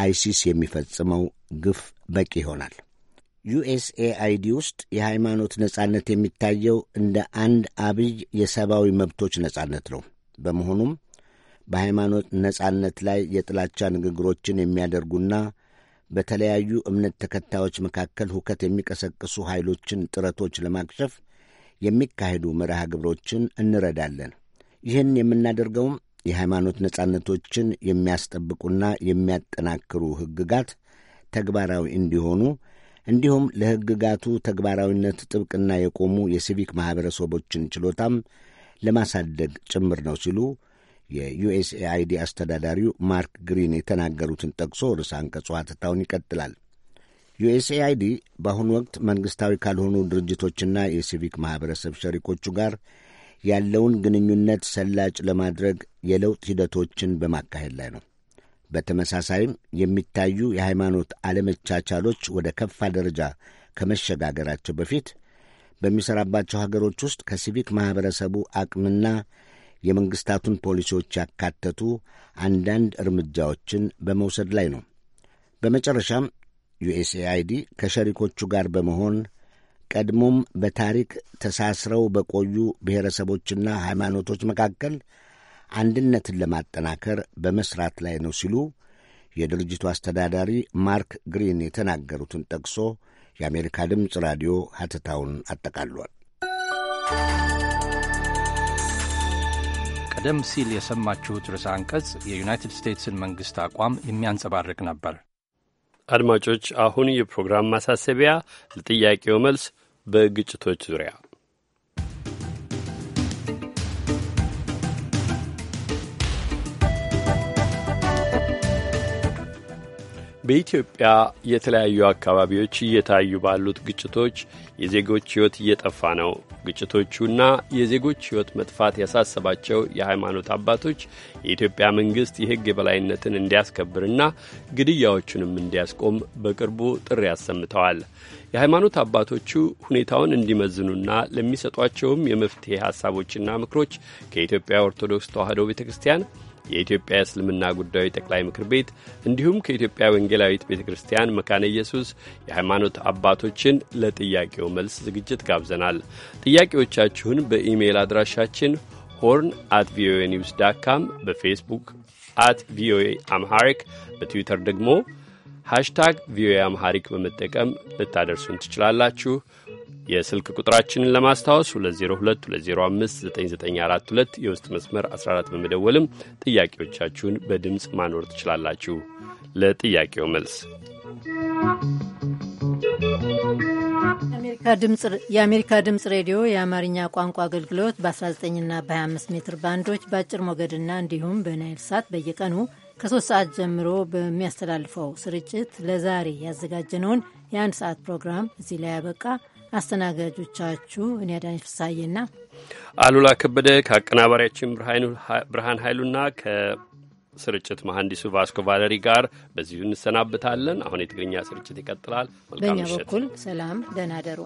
አይሲስ የሚፈጽመው ግፍ በቂ ይሆናል። ዩኤስኤአይዲ ውስጥ የሃይማኖት ነጻነት የሚታየው እንደ አንድ አብይ የሰብአዊ መብቶች ነጻነት ነው። በመሆኑም በሃይማኖት ነጻነት ላይ የጥላቻ ንግግሮችን የሚያደርጉና በተለያዩ እምነት ተከታዮች መካከል ሁከት የሚቀሰቅሱ ኃይሎችን ጥረቶች ለማክሸፍ የሚካሄዱ መርሃ ግብሮችን እንረዳለን። ይህን የምናደርገውም የሃይማኖት ነጻነቶችን የሚያስጠብቁና የሚያጠናክሩ ሕግጋት ተግባራዊ እንዲሆኑ እንዲሁም ለሕግጋቱ ተግባራዊነት ጥብቅና የቆሙ የሲቪክ ማኅበረሰቦችን ችሎታም ለማሳደግ ጭምር ነው ሲሉ የዩኤስኤአይዲ አስተዳዳሪው ማርክ ግሪን የተናገሩትን ጠቅሶ ርዕሰ አንቀጹ ሐተታውን ይቀጥላል። ዩኤስኤአይዲ በአሁኑ ወቅት መንግሥታዊ ካልሆኑ ድርጅቶችና የሲቪክ ማኅበረሰብ ሸሪኮቹ ጋር ያለውን ግንኙነት ሰላጭ ለማድረግ የለውጥ ሂደቶችን በማካሄድ ላይ ነው። በተመሳሳይም የሚታዩ የሃይማኖት አለመቻቻሎች ወደ ከፋ ደረጃ ከመሸጋገራቸው በፊት በሚሠራባቸው ሀገሮች ውስጥ ከሲቪክ ማኅበረሰቡ አቅምና የመንግሥታቱን ፖሊሲዎች ያካተቱ አንዳንድ እርምጃዎችን በመውሰድ ላይ ነው። በመጨረሻም ዩኤስኤአይዲ ከሸሪኮቹ ጋር በመሆን ቀድሞም በታሪክ ተሳስረው በቆዩ ብሔረሰቦችና ሃይማኖቶች መካከል አንድነትን ለማጠናከር በመሥራት ላይ ነው ሲሉ የድርጅቱ አስተዳዳሪ ማርክ ግሪን የተናገሩትን ጠቅሶ የአሜሪካ ድምፅ ራዲዮ ሐተታውን አጠቃልሏል። ቀደም ሲል የሰማችሁት ርዕሰ አንቀጽ የዩናይትድ ስቴትስን መንግሥት አቋም የሚያንጸባርቅ ነበር። አድማጮች፣ አሁን የፕሮግራም ማሳሰቢያ ለጥያቄው መልስ በግጭቶች ዙሪያ በኢትዮጵያ የተለያዩ አካባቢዎች እየታዩ ባሉት ግጭቶች የዜጎች ሕይወት እየጠፋ ነው። ግጭቶቹና የዜጎች ሕይወት መጥፋት ያሳሰባቸው የሃይማኖት አባቶች የኢትዮጵያ መንግሥት የሕግ የበላይነትን እንዲያስከብርና ግድያዎቹንም እንዲያስቆም በቅርቡ ጥሪ አሰምተዋል። የሃይማኖት አባቶቹ ሁኔታውን እንዲመዝኑና ለሚሰጧቸውም የመፍትሔ ሐሳቦችና ምክሮች ከኢትዮጵያ ኦርቶዶክስ ተዋሕዶ ቤተ ክርስቲያን የኢትዮጵያ እስልምና ጉዳዮች ጠቅላይ ምክር ቤት እንዲሁም ከኢትዮጵያ ወንጌላዊት ቤተ ክርስቲያን መካነ ኢየሱስ የሃይማኖት አባቶችን ለጥያቄው መልስ ዝግጅት ጋብዘናል። ጥያቄዎቻችሁን በኢሜይል አድራሻችን ሆርን አት ቪኦኤ ኒውስ ዳት ካም፣ በፌስቡክ አት ቪኦኤ አምሃሪክ፣ በትዊተር ደግሞ ሃሽታግ ቪኦኤ አምሃሪክ በመጠቀም ልታደርሱን ትችላላችሁ። የስልክ ቁጥራችንን ለማስታወስ 2022059942 የውስጥ መስመር 14 በመደወልም ጥያቄዎቻችሁን በድምፅ ማኖር ትችላላችሁ። ለጥያቄው መልስ የአሜሪካ ድምፅ ሬዲዮ የአማርኛ ቋንቋ አገልግሎት በ19ና በ25 ሜትር ባንዶች በአጭር ሞገድና እንዲሁም በናይል ሳት በየቀኑ ከሶስት ሰዓት ጀምሮ በሚያስተላልፈው ስርጭት ለዛሬ ያዘጋጀነውን የአንድ ሰዓት ፕሮግራም እዚህ ላይ ያበቃ። አስተናጋጆቻችሁ እኔ አዳኝ ፍሳዬና አሉላ ከበደ ከአቀናባሪያችን ብርሃን ኃይሉና ከስርጭት መሐንዲሱ ቫስኮ ቫለሪ ጋር በዚሁ እንሰናብታለን። አሁን የትግርኛ ስርጭት ይቀጥላል። በእኛ በኩል ሰላም፣ ደህና ደሩ።